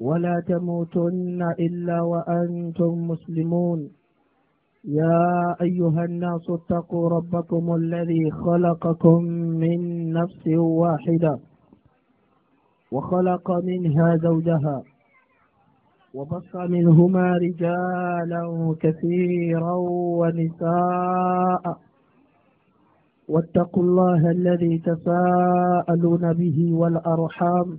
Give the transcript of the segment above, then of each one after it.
ولا تموتن إلا وأنتم مسلمون يا أيها الناس اتقوا ربكم الذي خلقكم من نفس واحدة وخلق منها زوجها وبص منهما رجالا كثيرا ونساء واتقوا الله الذي تساءلون به والأرحام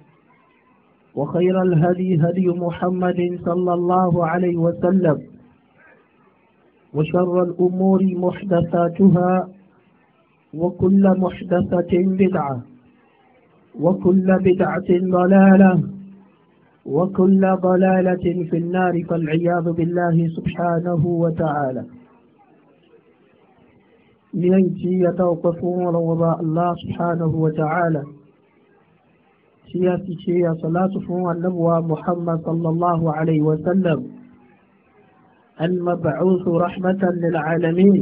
وخير الهدي هدي محمد صلى الله عليه وسلم وشر الأمور محدثاتها وكل محدثة بدعة وكل بدعة ضلالة وكل ضلالة في النار فالعياذ بالله سبحانه وتعالى أنت يتوقفون رضا الله سبحانه وتعالى tí a ti ṣe àsọ̀látù fún anábùwà muhammad sallallahu alayhi wa sallam al-mab'uth rahmatan lil alamin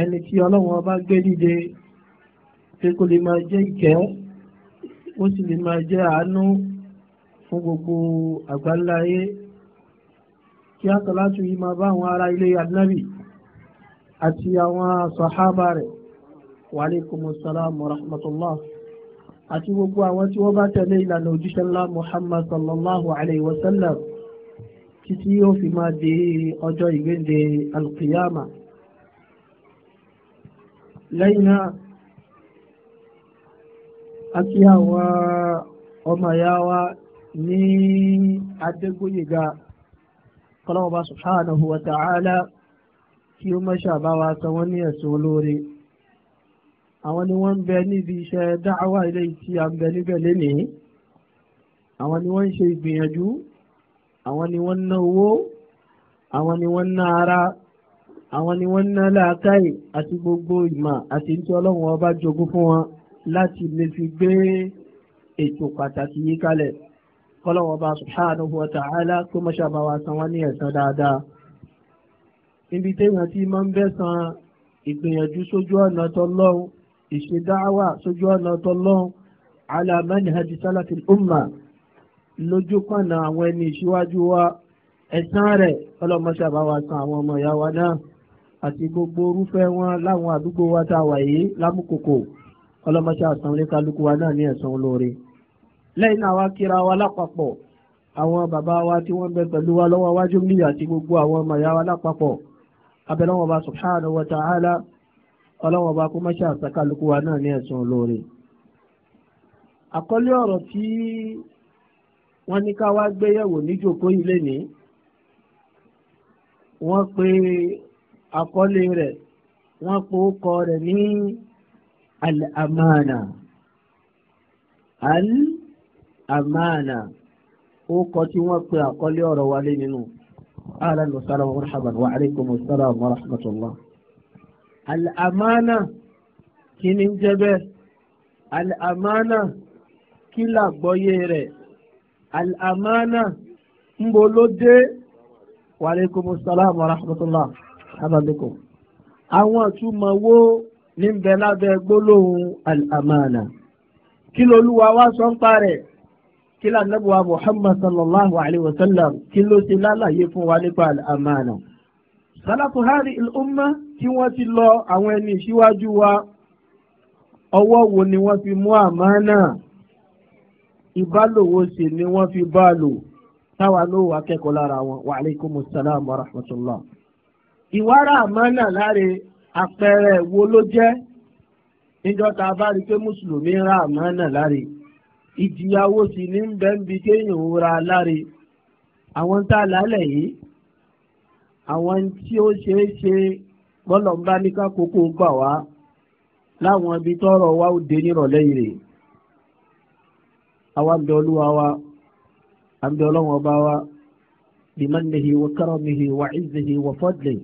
ẹni tí ọlọ́run ọba gbé dìde pé kó lè máa jẹ́ ìkẹ́ ó sì lè máa jẹ́ àánú fún gbogbo àgbáńláyé kí a yìí máa bá àwọn ará ilé anábì àti àwọn sàhábà rẹ̀ wa alaikumus salam wa àti gbogbo àwọn tí wọ́n bá tẹ̀lé ìlànà òjíṣẹ́ ńlá Muhammad sallallahu alayhi wa sallam títí yóò fi máa di ọjọ́ ìgbéǹde alqiyama lẹ́yìn náà a kí àwọn ọmọ ìyá wa ní adégbóyèga kọ́lọ́wọ́ subhanahu wa ta'ala kí ó mọ́ṣà bá wa sanwó ní ẹ̀sùn olóore àwọn ni wọ́n ń bẹ níbi iṣẹ́ dáhàwá ilé tí a ń bẹ níbẹ̀ lénìí àwọn ni wọ́n ń ṣe ìgbìyànjú àwọn ni wọ́n ń ná owó àwọn ni wọ́n ń ná ara àwọn ni wọ́n ń ná làákàyè àti gbogbo ìmọ̀ àti ní tí ọlọ́run ọba jogún fún wọn láti lè fi gbé ètò pàtàkì yìí kalẹ̀ kọ́lọ́run ọba subhanahu wa ta'ala kó mọ́ṣá bá wa san wọ́n ní ẹ̀san dáadáa níbi téèyàn ti máa ń bẹ́ san ìgbìyànjú sójú ọ̀nà tọ́lọ́run ìṣedáwà sójú ọ̀nà tọ́lọ́hún ala manhaj salatil umma lójú pọ̀nà àwọn ẹni ìṣíwájú wa ẹ̀sán rẹ̀ ọlọ́mọṣẹ́ àbáwá san àwọn ọmọ ìyá wa náà àti gbogbo orúfẹ́ wọn láwọn àdúgbò wa tá a wà yìí lámùkòkò ọlọ́mọṣẹ́ àsan oníkálukú wa náà ní ẹ̀san olóore. lẹ́yìn náà wá kíra wa lápapọ̀ àwọn bàbá wa tí wọ́n bẹ pẹ̀lú wa lọ́wọ́ wájú mi àti gbogbo àwọn ọmọ ìyá wa lápapọ̀ abẹ́lẹ́wọ̀n wa subhanahu wa ta'ala ọlọ́wọ́n ọba kó má ṣe àṣàkálùkù wa náà ní ẹ̀sùn olóore. àkọlé ọ̀rọ̀ tí wọ́n ní ká wá gbéyẹ̀wò níjókòó ilé ní wọ́n pe àkọlé rẹ̀ wọ́n pe ókọ rẹ̀ ní al-amana al-amana ókọ tí wọ́n pe àkọlé ọ̀rọ̀ wálé nínú. ahlan wa wa marhaban wa wa rahmatullah àmánà kí ni ń jẹ́ bẹ́ẹ̀ àmánà kí làgbọ́yé rẹ̀ àmánà ń bo ló dé wàlẹ́kùn mùsàlámù rahmatullah abàlẹ́kùn. àwọn àtúmọ̀ wo ní bẹ lábẹ́ gbólóhùn àmánà kí lolúwa wá sọ ń parẹ́ kí lànàbùwà muhammad sallallahu alayhi wa sallam kí ló ti lálàyé fún wa nípa àmánà. sálàfù hàrí ìlú tí wọ́n ti lọ àwọn ẹni ìṣíwájú wa ọwọ́ wo ni wọ́n fi mú àmánà ìbálòwò sì ni wọ́n fi bá lò táwa ló wà kẹ́kọ̀ọ́ lára wọn wa alaikumus salam wa rahmatullah. ìwárà àmánà láre àpẹẹrẹ wo ló jẹ́ níjọ́ tá a bá rí i pé mùsùlùmí ń ra àmánà láre ìjìyàwó sì ní ń bẹ́ẹ̀ ń bi kéèyàn ń ra láre àwọn tá a lálẹ́ yìí àwọn tí ó ṣeé ṣe bọ́lọ̀ ń bá ní kákòókò gbà wá láwọn ibi tọ́rọ̀ wa ó dé nírọ̀lẹ́ yìí rè àwa ń bẹ olúwa wa à ń bẹ ọlọ́wọ́n ọba wa bimannihi wa karamihi wa izzihi wa fadlihi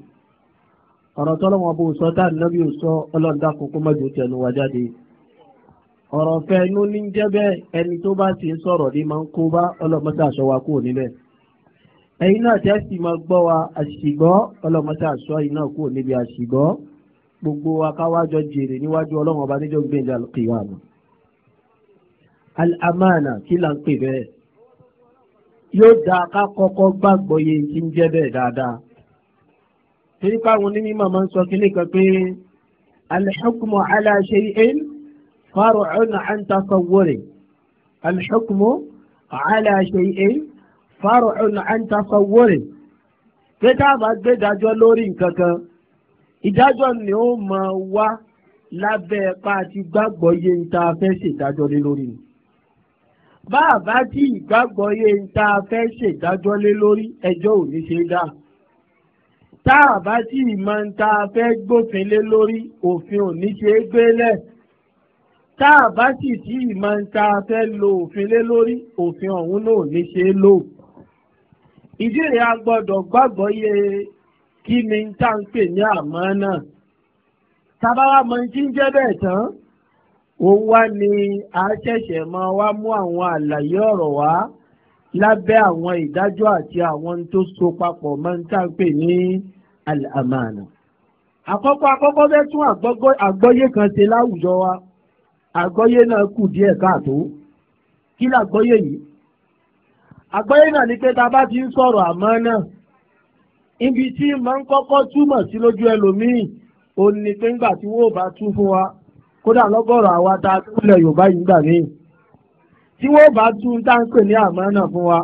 ọ̀rọ̀ tọ́lọ́wọ́n bó sọ dá nàbí sọ ọlọ́ọ̀dá kókó mọ́jú tẹnu wa jáde ọ̀rọ̀ fẹ́ inú ní jẹ́ bẹ́ẹ̀ ẹni tó bá ti sọ̀rọ̀ ní máa ń kó bá ọlọ́mọdé àṣọ wa kúrò níbẹ̀ ẹ̀yin náà tẹ́ sì máa gbọ́ wa àṣìgbọ́ ọlọ́mọṣẹ́ àṣọ ẹ̀yin náà kúrò níbi àṣìgbọ́ gbogbo akáwájọ jèrè níwájú ọlọ́run ọba níjọ́ gbẹ̀ǹdà kìyàmù. al-amana kí là ń pè bẹ́ẹ̀ yóò da ká kọ́kọ́ gbàgbọ́ yẹ kí ń jẹ́ bẹ́ẹ̀ dáadáa. torí páwọn onímọ̀ máa ń sọ kíní kan pé al-hukmu ala shay'in far'un an tasawwuri al-hukmu ala fáró ọ̀nà àǹtà sọ̀wọ́rẹ̀ pé tá a bá gbé ìdájọ́ lórí nǹkan kan ìdájọ́ ni ó máa wá lábẹ́ ẹ̀pá àti gbàgbọ́ yé ń ta fẹ́ ṣèdájọ́ lé lórí ni. bá a bá tí ìgbàgbọ́ yé ń ta fẹ́ ṣèdájọ́ lé lórí ẹjọ́ ò ní ṣe dá. tá a bá tí ìmọ̀ ń ta fẹ́ gbófin lé lórí òfin ò ní ṣe gbélẹ̀. tá a bá sì tí ìmọ̀ ń ta fẹ́ lo òfin lé lórí òfin ọ̀hún náà ò ní ṣe é ìdí rẹ̀ a gbọ́dọ̀ gbàgbọ́ yẹ kí ni tá à ń pè ní àmọ́ náà tabawa mọ tí ń jẹ́ bẹ́ẹ̀ tán òun wá ni a ṣẹ̀ṣẹ̀ máa wá mú àwọn àlàyé ọ̀rọ̀ wá lábẹ́ àwọn ìdájọ́ àti àwọn tó so papọ̀ máa ń tá à ń pè ní àmàna. àkọ́kọ́ àkọ́kọ́ fẹ́ tún àgbọ́yé kan ṣe láwùjọ wa àgbọ́yé náà kù díẹ̀ káàtó kí làgbọ́yé yìí àgbáyé náà ni pé tá a bá ti ń sọ̀rọ̀ àmánà ibi tí máa ń kọ́kọ́ túmọ̀ sí lójú ẹlòmíì ò ní pé ńgbà tí wọ́n ò bá tú fún wa kódà lọ́gọ́rọ̀ àwa tá a túlẹ̀ Yorùbá yìí gbà míì tí wọ́n bá tú tá ń pè ní àmánà fún wa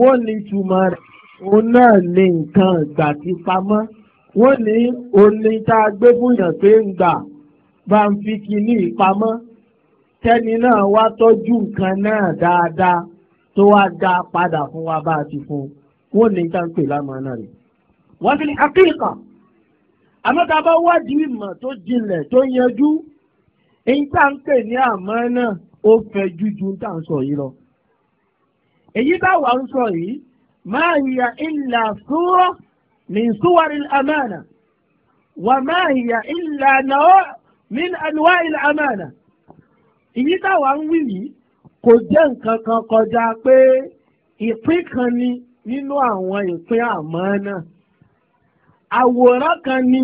wọ́n ní túmọ̀ rẹ̀ òun náà ní nǹkan ìgbà ti pamọ́ wọ́n ní oní tá a gbé fún pé ń bá ń fi kinní ìpamọ́ tẹ́ni náà wá tọ́jú nǹkan náà dáadáa tó wá dá padà fún wa bá a ti fún wọn ní ká ń pè lámàánà rẹ̀. wọ́n fi ní àkíkà àmọ́ta bá wádìí ìmọ̀ tó jinlẹ̀ tó yanjú èyí tá à ń pè ní àmàánà ó fẹ́ jújú tá à ń sọ yìí lọ. èyí táwa ń sọ yìí máa hiya illa sura min suwaril amana wa máa hiya illa naw' min anwa'il amana. èyí táwa ń wí yìí kò jẹ́ nǹkan kan kọjá pé ìpín kan ni nínú àwọn ìpín àmọ́ náà àwòrán kan ni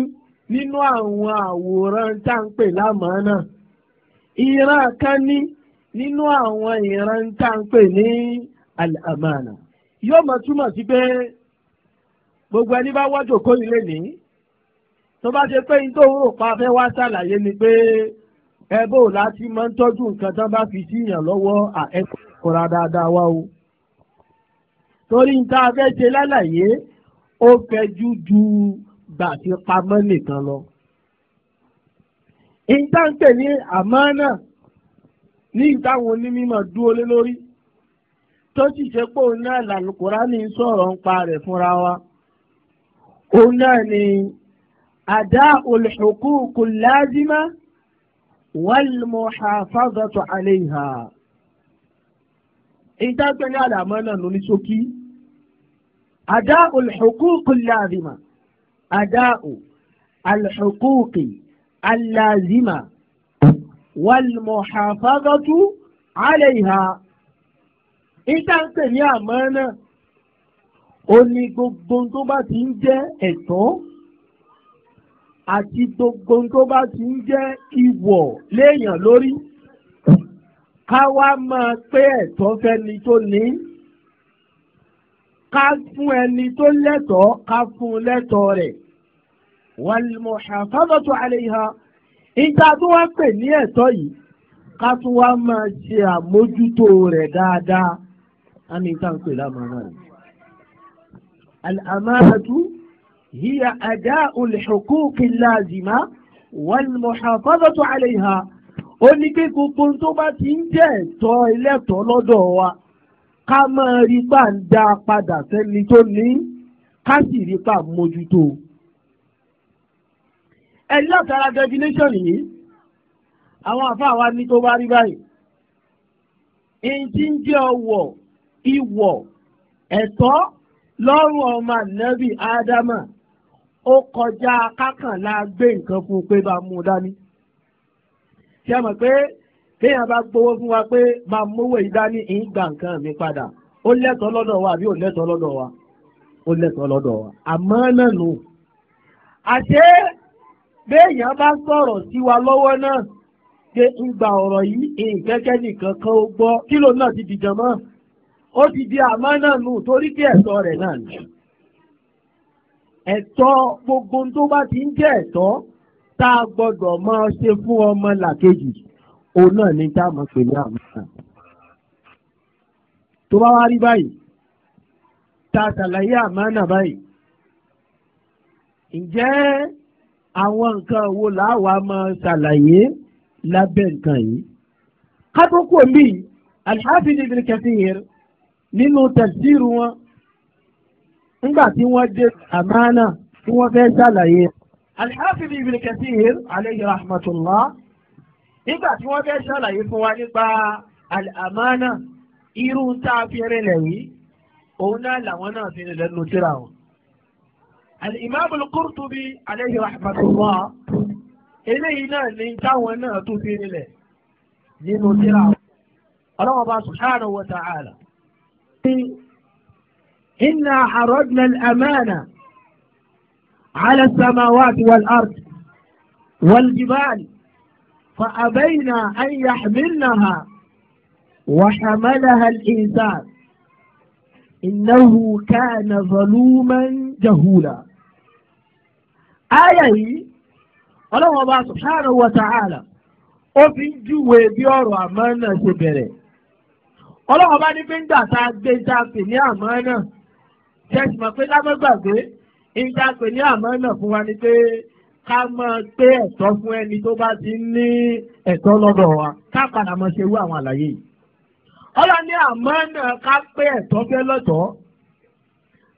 nínú àwọn àwòrán tá ń pè lámọ́ náà ìran kan ni nínú àwọn ìran tá ń pè ní àmàna yóò mọ̀ túmọ̀ sí pé gbogbo ẹni bá wájú òkó ilé ní tó bá ṣe pé ní tó rò pa fẹ́ wá ṣàlàyé ni pé. Pe ẹ bó o láti máa ń tọ́jú nǹkan tán bá fi síyàn lọ́wọ́ àẹ́kọ̀ọ́ra dáadáa wá o. torí nǹkan abẹ́ṣe lálàyé ó fẹjú ju gbàtí pamọ́ nìkan lọ. nǹkan pè ní àmánà ní ìtàwọn onímọ̀ dúró lé lórí tó sì ṣe pé òun náà làlùkùrá ní sọ̀rọ̀ ń pa rẹ̀ fúnra wa. òun náà ni àdá olùṣòkú kò láàzímá wal-muhafazatu alayha ìdágbé ní àlàmọ́ náà ló ní ṣókí ada'ul huquq al-lazima ada'u al-huquq al-lazima wal-muhafazatu alayha gbogbo tó ti ń jẹ́ ẹ̀tọ́ àti gbogbo tó bá ti ń jẹ́ ìwọ̀ léèyàn lórí ká wá máa pé ẹ̀tọ́ fẹ́ni tó ní ká fún ẹni tó lẹ́tọ̀ọ́ ká fún lẹ́tọ̀ọ́ rẹ̀ wal-muhafazatu alayha ìta tó wá pè ní ẹ̀tọ́ yìí ká tún wá máa ṣe àmójútó rẹ̀ dáadáa á ní ìta ń pè lámàrán rẹ̀ هي أداء الحقوق اللازمة والمحافظة عليها ó ní pé gbogbo tó bá ti ń jẹ́ ẹ̀tọ́ ẹlẹ́tọ̀ọ́ lọ́dọ̀ wa ká máa rí pa ń dá padà sẹ́ni tó ní ká sì rí pa mójútó. ẹ̀yin látara definition yìí àwọn àfáà wa ní tó bá rí báyìí èyí tí ń jẹ́ ọwọ́ ìwọ̀ ẹ̀tọ́ lọ́rùn ọmọ ànábì ádámà ó kọjá kákànlá gbé nǹkan fún pé bá mú un dání. ṣé mọ̀ pé téèyàn bá gbowó fún wa pé bá mówó yìí dání ń gba nǹkan mi padà ó lẹ́tọ̀ọ́ lọ́dọ̀ wa àbí ò lẹ́tọ̀ọ́ lọ́dọ̀ wa ó lẹ́tọ̀ọ́ lọ́dọ̀ wa àmọ́ náà nù. àṣé béèyàn bá sọ̀rọ̀ sí wa lọ́wọ́ náà pé ń gba ọ̀rọ̀ yìí ìkẹ́kẹ́ nìkan kan ó gbọ́ kílò náà ti dìjọ́ mọ́ ó ti di àmọ́ náà nù torí kí ẹ̀tọ́ rẹ̀ náà nù. ẹ̀tọ́ gbogbo tó bá ti ń jẹ́ ẹ̀tọ́ tá a gbọ́dọ̀ máa ṣe fún ọmọ làkejì òun náà ni tá a máa pè ní àmàna. tó bá wá rí báyìí tá a ṣàlàyé àmàna báyìí ǹjẹ́ àwọn nǹkan wo làwa máa ṣàlàyé lábẹ́ nǹkan yìí. kátókò mi alhafi ibn Kathir nínú tafsiru wọn nígbà tí wọ́n dé àmàna tí wọ́n fẹ́ ṣàlàyé alhafiz ibn kathir alayhi rahmatullah nígbà tí wọ́n fẹ́ ṣàlàyé fún wa nípa àmàna irú tá a fi rinlẹ̀ yìí òun náà làwọn náà fi rinlẹ̀ nù síra wọn. الإمام القرطبي عليه رحمة الله إلينا ننتونا تثير له لنثيره الله سبحانه وتعالى إنا عرضنا الأمانة على السماوات والأرض والجبال فأبينا أن يحملنها وحملها الإنسان إنه كان ظلوما جهولا آية الله سبحانه وتعالى ó fi ń júwe bí ọ̀rọ̀ àmánà ṣe bẹ̀rẹ̀ ọlọ́run bá ní fi tẹ́sí mọ̀ pé lámọ́gbàgbé ìjà pè ní àmọ́ náà fún wa ni pé ká máa pé ẹ̀tọ́ fún ẹni tó bá ti ní ẹ̀tọ́ lọ́dọ̀ wa ká padà mọ̀ ṣerú àwọn àlàyé yìí. ọlọ́ ní àmọ́ náà ká pé ẹ̀tọ́ fẹ́ lọ́tọ̀ọ́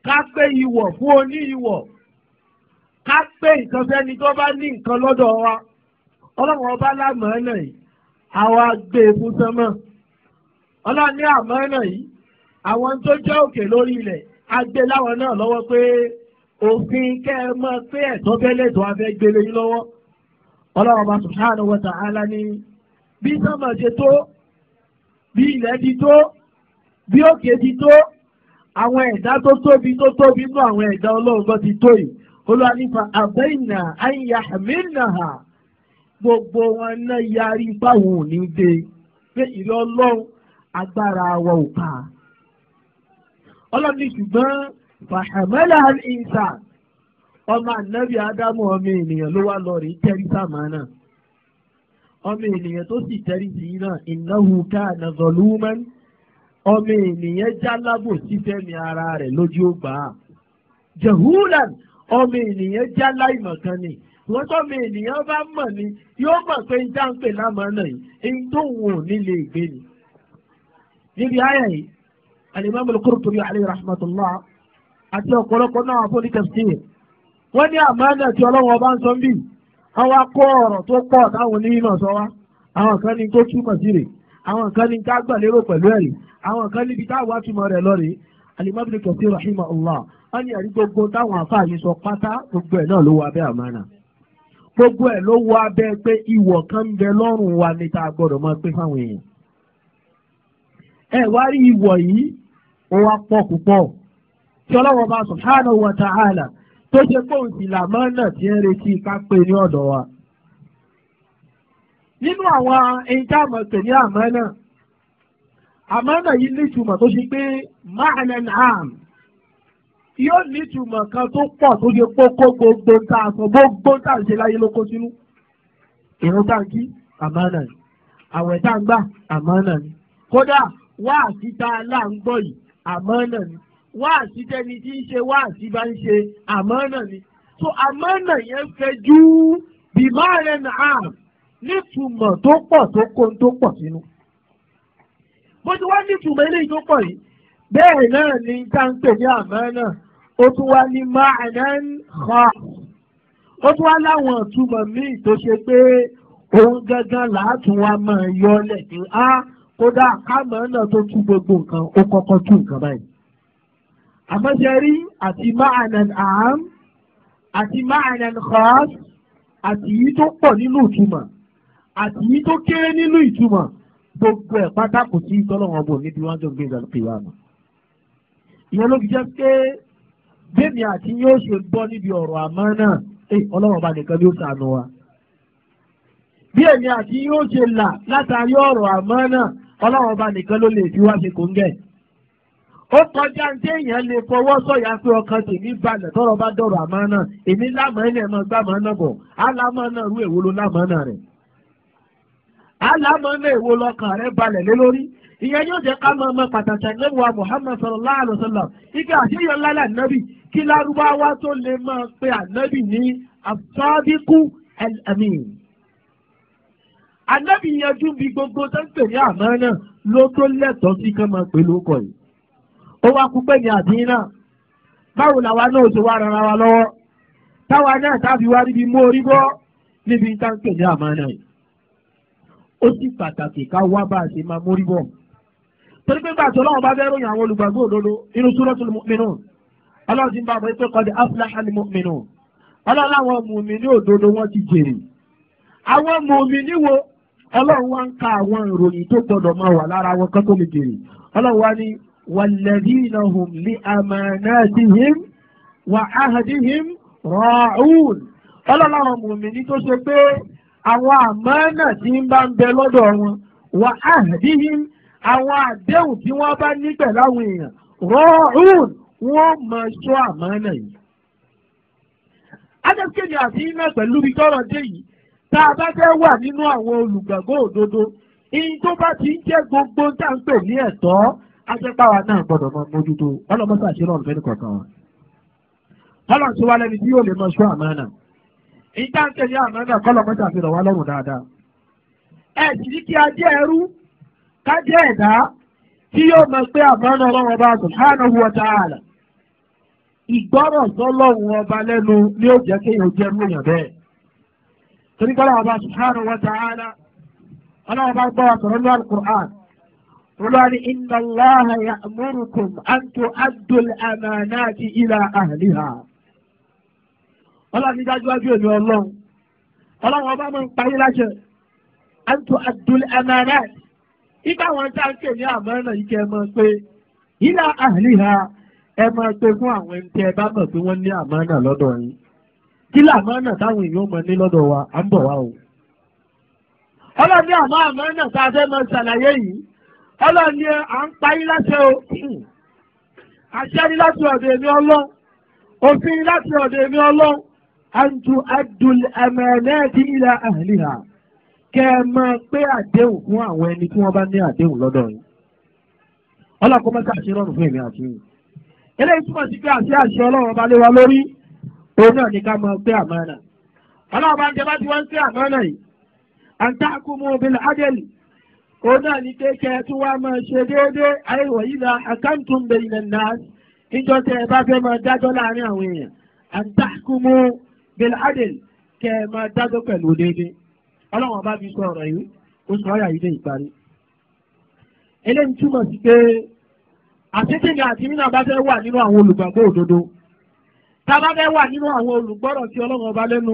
ká pé ìwọ̀ fún oní ìwọ̀ ká pé nǹkan fẹ́ni tó bá ní nǹkan lọ́dọ̀ wa ọlọ́run ọba lámọ́ náà yìí àwa gbé e fún sánmọ́ ọlọ́run ní àmọ́ náà yìí àwọn tó jẹ́ òkè lórí ilẹ̀ agbé láwọn náà lọ́wọ́ pé òfin kẹ́ ẹ mọ̀ pé ẹ̀tọ́ bẹ́lẹ̀ tó a fẹ́ gbélé yín lọ́wọ́ ọlọ́run bá ní bí sánmà ṣe tó bí ilẹ̀ ti tó bí òkè ti tó àwọn ẹ̀dá tó tóbi tó tóbi nú àwọn ẹ̀dá ọlọ́run kan ti tó yìí olúwa nípa gbogbo wọn náà yarí báwọn ò ní dé pé ìlú ọlọ́ni ṣùgbọ́n fàhámẹ́lá ìsà ọmọ ànábì ádámù ọmọ ènìyàn ló wá lọ rí tẹ́rí sàmà náà ọmọ ènìyàn tó sì tẹ́rí sí náà ìnáwó káàna zọlúmẹ́n ọmọ ènìyàn jálábò sífẹ́mi ara rẹ̀ lójú ògbà jehulan ọmọ ènìyàn jáláìmọ̀ kan ni wọ́n tọ́mọ ènìyàn bá mọ̀ ni yóò mọ̀ pé ń dáńpẹ̀ lámọ̀ náà yìí ń tó wò nílé ìgbé ni níbi ayẹyẹ alimami al-Qurtubi alayhi rahmatullah àti ọ̀pọ̀lọpọ̀ náà wà fún ní tafsir wọ́n ní àmàlà tí ọlọ́wọ́n bá ń sọ bí àwọn akọ ọ̀rọ̀ tó pọ̀ táwọn onímọ̀ sọ wá àwọn kan ní tó túmọ̀ sí rè àwọn kan ní ká gbà lérò pẹ̀lú ẹ̀rí àwọn kan níbi táwọn àtúmọ̀ rẹ̀ lọ́rẹ̀ alimami al-Qurtubi rahimahullah wọ́n ní àrí gbogbo táwọn àfààní sọ pátá gbogbo ẹ̀ náà ló wà bẹ́ẹ̀ àmàlà gbogbo ẹ̀ ló wá bẹ́ẹ̀ pé ìwọ̀ kan ń bẹ lọ́rùn wa ní tá a gbọ́dọ̀ máa pé fáwọn èèyàn. ẹ wá rí ìwọ̀ yìí ó wá pọ̀ púpọ̀ tí ọlọ́wọ́ bá subhanahu wa ta'ala tó ṣe pé òsìlà máa nà tí ń retí ká pé ní ọ̀dọ̀ wa. nínú àwọn ẹni tá a mọ̀ pé ní àmánà àmánà yìí nítumọ̀ tó ṣe pé ma'nan 'am yóò nítumọ̀ kan tó pọ̀ tó ṣe kókó gbogbo tá a sọ gbogbo tá a ṣe láyé ló kó sínú. ìrun tá a kí àmánà ni àwẹ̀ tá a gbà àmánà ni kódà wáàsí tá a láà yìí àmánà ni wáàsí tẹni tí ń ṣe wáàsí bá ń ṣe àmánà ni so àmánà yẹn fẹjú bìmárẹ̀ náà nítumọ̀ tó pọ̀ tó kó tó pọ̀ sínú. bó ti wá nítumọ̀ eléyìí tó pọ̀ yìí bẹ́ẹ̀ náà ni táǹpẹ̀ ní àmánà ó tún wá ní ma'nan khas ó tún wá láwọn ìtumọ̀ míì tó ṣe pé òun gangan làá tún wá máa yọ ọ́ lẹ̀ á kódà káàmọ́ náà tó tú gbogbo nǹkan ó kọ́kọ́ tú nǹkan báyìí. àmọ́ ṣe rí àti ma'anan aam àti ma'anan khas àti yìí tó pọ̀ nínú ìtumọ̀ àti yìí tó kéré nínú ìtumọ̀ gbogbo ẹ̀ pátá kò sí tọ́lọ́wọ́n bò níbi wọ́n jọ gbé ìgbàlódé wa mọ̀. ìyẹn ló fi jẹ́ pé bẹ́ẹ̀ni àti yóò ṣe gbọ́ níbi ọ̀rọ̀ àmọ́ náà ẹ eh, ọlọ́wọ́n bá nìkan ló ṣàánú wa. bí èmi àti yóò ṣe là látàrí ọ̀rọ̀ àmọ́ náà ọlọ́run ọba nìkan ló lè fi wá ṣe kòńgẹ́ ó kọjá ní téèyàn lè fọwọ́ sọ̀yà pé ọkàn tèmi balẹ̀ tọrọ bá dọ̀rọ̀ àmọ́ náà èmi lámọ̀ ẹ̀ náà gbàmọ̀ náà bọ̀ álámọ̀ náà rú èwo ló lámọ̀ náà rẹ̀ álámọ̀ náà èwo lọkàn rẹ̀ balẹ̀ lé lórí ìyẹn yóò jẹ́ ká máa mọ pàtàkì àgbẹ̀wò Muhammad sallallahu alayhi wa sallam ike àṣeyọ lálẹ́ ànábì kí Ànábì yanjú bí gbogbo tó ń pè ní àmọ́ náà ló tó lẹ́tọ̀ọ́ sí kán máa pè lóko yìí. Ó wá kú pé ní àdín náà. Báwo làwa náà ṣe wá rárá wa lọ́wọ́? Táwa náà táfi wá níbi mú orí bọ́ níbi tá ń pè ní àmọ́ náà yìí. Ó sì pàtàkì ká wá bá a ṣe máa mórí bọ̀. Torí pé gbàtọ́ Ọlọ́run bá fẹ́ ròyìn àwọn olùgbàgbọ́ òdodo inú Suratul Mu'minun. Ọlọ́run ti ń bá a bọ̀ pé àwọn mùmí ní òdodo ọlọ́run wá ń ka àwọn ìròyìn tó gbọdọ̀ máa wà lára wọn kán tó lè jèrè ọlọ́run wá ní walladhina hum li amanatihim wa ahadihim ra'un ọlọ́run àwọn mùmíní tó ṣe pé àwọn àmánà tí ń bá ń bẹ lọ́dọ̀ wọn wa ahadihim àwọn àdéhùn tí wọ́n bá níbẹ̀ láwọn èèyàn ra'un wọ́n máa ṣọ́ àmánà yìí. adékèké àti iná pẹ̀lú ibi tọ́rọ̀ tá a bá fẹ́ wà nínú àwọn olùgbàgbọ́ òdodo ihun tó bá ti ń jẹ́ gbogbo tá ń pè ní ẹ̀tọ́ ajẹ́páwa náà gbọ́dọ̀ mọ mójútó ọlọ́mọsá àṣírí ọ̀rọ̀ fẹ́ni kọ̀ọ̀kan wa. ọlọ́run ti wá lẹ́ni tí yóò lè mọ ṣọ́ àmánà ń àfihàn wa lọ́rùn dáadáa. ẹ sì ní kí ẹrú ẹ̀dá tí yóò mọ pé ọlọ́run ọba ìgbọ́rọ̀ ni ó jẹ́ torí pé ọlọ́wọ́ bá subhanahu wa ta'ala ọlọ́wọ́ bá gbọ́ ọ̀sọ̀rọ̀ al-amanati ila ahliha ọlọ́wọ́ ní dájúdájú èmi ọlọ́run an tu'addu al-amanati ibà wọn tá a ń pè ní àmánà yìí kẹ́ ẹ máa ila ahliha ẹ máa pé fún àwọn ẹni ẹ bá mọ̀ kí làmánà táwọn èèyàn mọ ní lọ́dọ̀ wa à ń bọ̀ wá o. ọlọ́ni àmọ́ àmánà tá a fẹ́ mọ ṣàlàyé yìí ọlọ́ni à ń parí láṣẹ o àṣẹ ni láti ọ̀dọ̀ èmi ọlọ́ òfin láti ọ̀dọ̀ èmi ọlọ́ àǹtù adùn ẹ̀mẹ̀ẹ́dì ila ahliha kẹ́ ẹ máa pé àdéhùn fún àwọn ẹni tí wọ́n bá ní àdéhùn lọ́dọ̀ yìí ọlọ́kọ́ mẹ́ta àṣẹ rọrùn fún èmi àti yìí eléyìí túmọ̀ sí pé àṣẹ àṣẹ ọlọ́run ọba wa lórí òun náà ní ká máa gbé àmánà ọlọ́ọ̀bá jẹ́ bá ti wá ń gbé àmánà yìí àǹtàkùnmù bil adl òun náà ní kéèké tí wọ́n á máa ṣe déédéé àìwọ̀ yìí la àkáǹtùm bainan nas níjọ́ tẹ́ ẹ bá fẹ́ máa dájọ́ láàrin àwọn èèyàn àǹtàkùnmù bil adl kẹ́ ẹ máa dájọ́ pẹ̀lú déédéé ọlọ́wọ́n bá fi sọ ọ̀rọ̀ yìí oṣù ọ̀yà yìí dé ìparí tábà bẹ́ẹ̀ wà nínú àwọn olùgbọ́rọ̀ tí ọlọ́run ọba lẹ́nu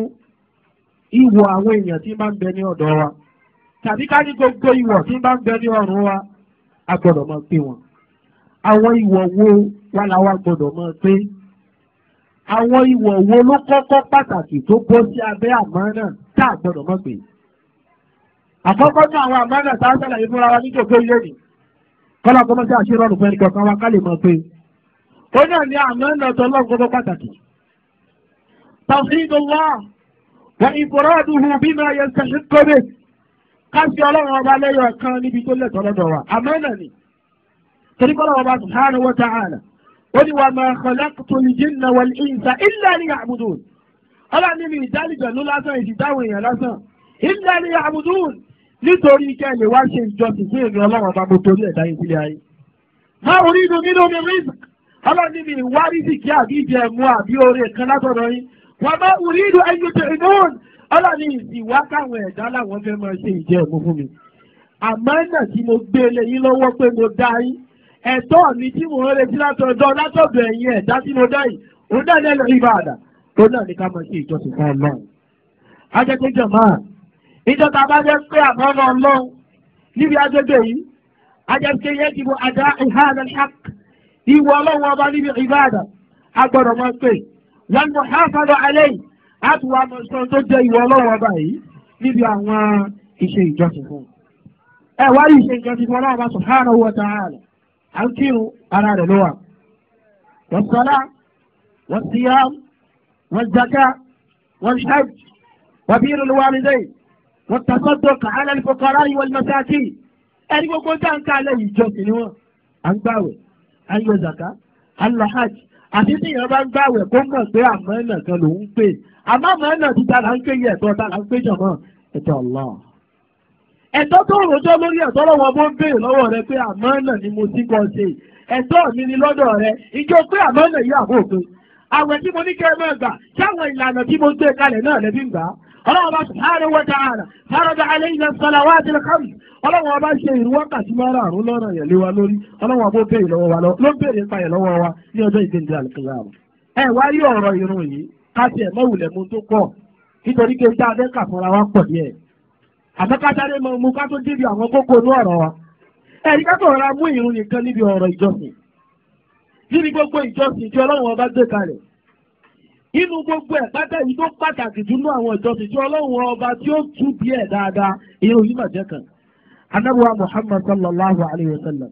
ìwọ̀ àwọn èèyàn tí bá ń bẹ ní ọ̀dọ̀ wa tàbí ká ní gbogbo ìwọ̀ tí bá ń bẹ ní ọ̀run wa a gbọ́dọ̀ máa pé wọn. àwọn ìwọ̀ wo wà láwa gbọ́dọ̀ máa pé àwọn ìwọ̀ wo ló kọ́kọ́ pàtàkì tó bọ́ sí abẹ́ àmánà tá a gbọ́dọ̀ máa pè. àkọ́kọ́ ní àwọn àmánà tá a ṣàlàyé fúnra wa nítorí ilé nì kọ́lá kọ́mọ́sí àṣírọ́ọ̀nù fún tó náà ní àmánà tọ́lọ́gbọ́dọ́ pàtàkì. tawhidullah wa ifraduhu bima yastahiqqu bihi káṣí ọlọ́run ọba lẹ́yọ̀ kan níbi tó lẹ́tọ̀ọ́ lọ́dọ̀ wa àmánà ni torí kọ́lọ́ ọba subhanahu wa ta'ala ó ní wa ma khalaqtul jinna wal insa illa liya'budun ọlọ́run ní ìdálìjọ́ ló lásán ìdídáwọ̀ èèyàn lásán illa liya'budun nítorí kẹ́ lè wá ṣe ìjọsìn fún èmi ọlọ́run ọba mo torí ẹ̀dá ìpínlẹ̀ ayé. má orí nínú mi rí ọlọ́nìbí ìwárìsì kí àbí ìjẹ̀mú àbí oore kan látọ̀dọ̀ yín wọ́n máa ń rí ìlú ẹyẹ tẹ̀lé ọlọ́ni ìsìnwá káwọn ẹ̀dá làwọn fẹ́ máa ṣe ìjẹ̀mú fún mi àmọ́ náà tí mo gbé lé yín lọ́wọ́ pé mo dá yín ẹ̀tọ́ mi tí mo ń retí látọ̀dọ̀ látọ̀dọ̀ ẹ̀yin ẹ̀dá tí mo dá yìí òun náà lẹ́nu ìbàdàn òun náà ní ká máa ṣe ìjọsìn fún ọlọ́run ajẹ́pẹ́ pé àmọ́ ìwọ ọlọ́run ọba níbi ìbáàdà agbọ́dọ̀ máa pè wọn mọ hafadà alẹ́ láti wá mọ sọ tó jẹ ìwọ ọlọ́run ọba yìí níbi àwọn iṣẹ́ ìjọsìn fún ẹ wá rí iṣẹ́ ìjọsìn fún ọlọ́run ọba subhanahu wa ta'ala à ń kírun ara rẹ̀ ló wà wọ́sọ́lá wọ́síyàm wọ́sjaka wọ́sjaj wàbírù lùwàlídẹ́yì wọ́tàkọ́dọ̀kà alẹ́ fọkàrà ìwọ̀lùmọ́sáàkì ẹni gbogbo dáńkà alẹ́ ìjọsìn ni wọ́n à ń gbàwẹ̀. à ń yọ zàká à ń bá ń gbàwẹ̀ kó mọ̀ pé àmọ́ ẹ̀nà kan ń pè ti ta la ń pè ta la ń pè jọ̀mọ́ ẹ̀tọ́ ẹ̀tọ́ tó rojọ́ lórí ẹ̀tọ́ lọ́wọ́ bó ń béèrè lọ́wọ́ rẹ pé ni mo ti ṣe ẹ̀tọ́ mi ni lọ́dọ̀ rẹ ìjọ pé àmọ́ ẹ̀nà yìí àbò òfin àwẹ̀ tí mo ní kẹ́ ẹ ọlọ́wọ́ bá sáré wọ́dà àrà sáré bá alẹ́ ilẹ̀ sọlá wá àti lẹ́kọ̀ọ́ ọlọ́wọ́ bá ṣe wákàtí àrùn lọ́nà yẹn lórí ọlọ́wọ́ bó béèrè lọ́wọ́ wa ló ní ọjọ́ ìgbéǹde àlùkìyà ẹ wá rí ọ̀rọ̀ irun yìí mu tó pọ̀ nítorí a kà inú gbogbo ẹ̀ pátá yìí tó pàtàkì jù nú àwọn ìjọsìn tí ọlọ́run ọba tí ó tú bí ẹ̀ dáadáa ìyẹn òyìn kan muhammad sallallahu alayhi wa sallam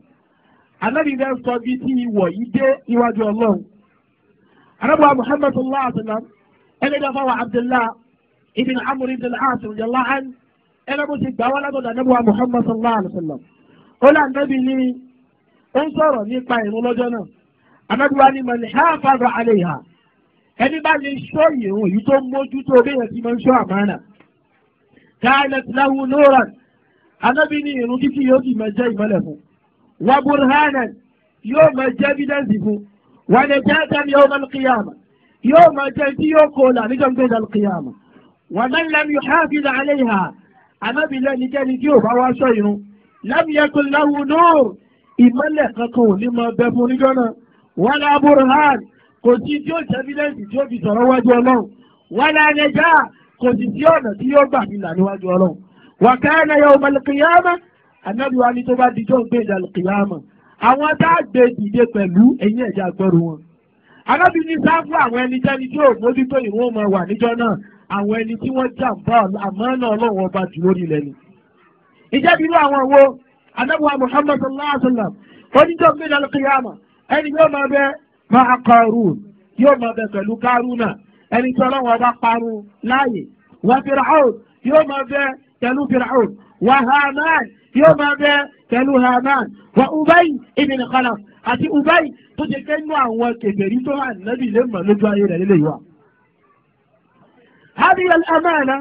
anábì sọ bí tí ìwọ̀ yìí dé iwájú ọlọ́run muhammad sallallahu alayhi wa sallam ẹlẹ́dàá fáwọn abdullah ibn amr ibn al-as radiyallahu anhu ẹnna bó gbà muhammad sallallahu alayhi wa sallam ó ó ń ẹni bá lè ṣọ́ ìrun èyí tó mójútó béèyàn ti máa ń ṣọ́ àmánà káàlẹ̀ tìláwù lóra anábì ní ìrun kíkí yóò sì máa jẹ́ ìmọ́lẹ̀ fún wa burhanan yóò máa jẹ́ evidence fún wa najatan yawm al-qiyamah yóò máa jẹ́ tí yóò kó là nígbà gbé al-qiyamah wa man lam yuhafiz alayha anábì lẹ́nikẹ́ni tí yóò bá wá ṣọ́ ìrun lam yakun lahu nur ìmọ́lẹ̀ kankan ò ní bẹ fún oníjọ́ náà wala burhan kò sí tí ó ṣẹ́fídẹ́ǹsì tí ó fi sọ̀rọ̀ wájú ọlọ́run wàlá ẹnẹjà kò sí sí ọ̀nà tí yóò gbà fi là níwájú ọlọ́run wa kana yawmal qiyamah ànábì wa ni tó bá di tó ń gbé ìdàlù kìyàmà àwọn tá a gbé dìde pẹ̀lú ẹ̀yìn ẹ̀já gbọ́rù wọn. ànábì ní sáfù àwọn ẹni tẹ́ni tí ò mójútó ìwọ́n ọmọ wà níjọ́ náà àwọn ẹni tí wọ́n jàǹbá àmọ́ náà ọlọ́run máa kọrùn yóò máa bẹ pẹ̀lú kárúnà ẹni tí ọlọ́wọ́ bá parun láàyè wà fìràhùn yóò máa bẹ pẹ̀lú fìràhùn wà hàmán yóò máa bẹ pẹ̀lú hàmán wà ubayi ibn khalaf àti ubayi tó ṣe pé àwọn kèfèrí tó wà nábì lè mọ̀ lójú ayé rẹ̀ lélẹ̀ yìí wà. هذه الأمانة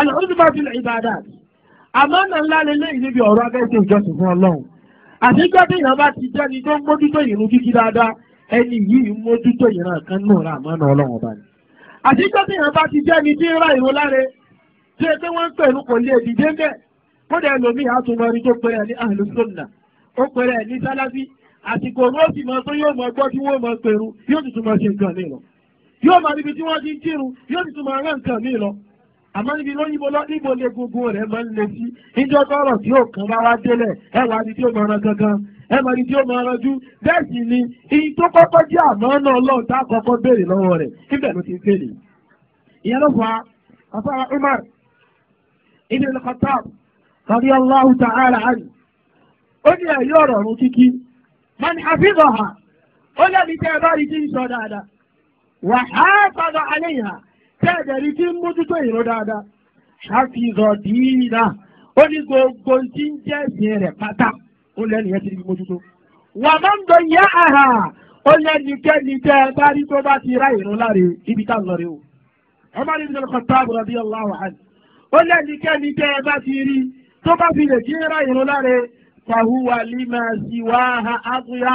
العظمى في العبادات àmánà ńlá lélẹ́yìn níbi ọ̀rọ̀ abẹ́sẹ̀ ìjọsìn fún ọlọ́run àti gbọ́dọ̀ ìyàbá ti jẹ́ni tó ń mójútó ìrun kíkí dáadáa ẹni yìí mójútó ìran kan náà rà mọ́nà ọlọ́run ọba ni. àtijọ́ tí ìran bá ti jẹ́ ni tí ń ra ìró láre tí ẹgbẹ́ wọn ń pẹ̀lú kò lè dìde ń bẹ̀ kódà ẹlòmíì àtúmọ̀ ẹni tó pẹ̀rẹ̀ ní ahlus sunnah ó pẹ̀rẹ̀ ní sálàfí àsìkò òun ó sì mọ pé yóò mọ gbọ́ tí wọ́n mọ pẹ̀rù yóò tuntun mọ ṣe nǹkan mi lọ yóò mọ níbi tí wọ́n ti ń kírun yóò tuntun mọ rán nǹkan mi lọ àmọ́ níbi lóyìnbó lọ níbo lè gbogbo rẹ̀ máa ń le sí níjọ́ tọrọ tí yóò kàn bá wá délẹ̀ ẹ wá tí ó mọ ọ̀ràn gangan ẹmọ̀rí tí ó mọ ọrọ̀jú bẹ́ẹ̀ sì ni iye tó kọ́kọ́ jẹ́ àmọ́ náà lọ́run tá a kọ́kọ́ béèrè lọ́wọ́ rẹ̀ níbẹ̀ ló ti ń fèlè. ìyẹn ló fa afárá Umar ibn al-Khattab ó ní ẹ̀yọ́ ọ̀rọ̀ ọ̀run kíkí man hafidhaha ó lẹ́ni tẹ́ ẹ bá rí ń sọ dáadáa wà á tẹ́ ẹ dẹ̀ rí ń mójútó ìró dáadáa dìínà ó ní ó lẹ́nu yẹn ti rí mójútó. wà á máa ń dọ̀ yá àhà ó lẹ́nikẹ́ni tẹ́ ẹ bá rí tó bá ti ra ìrún láre ibi tá à ń lọ rè o. Umar ibn al-Khattab radiyallahu anhu ó lẹ́nikẹ́ni tẹ́ ẹ bá ti rí tó bá fi lè kí ra ìrún láre fahuwa lima siwaha aghya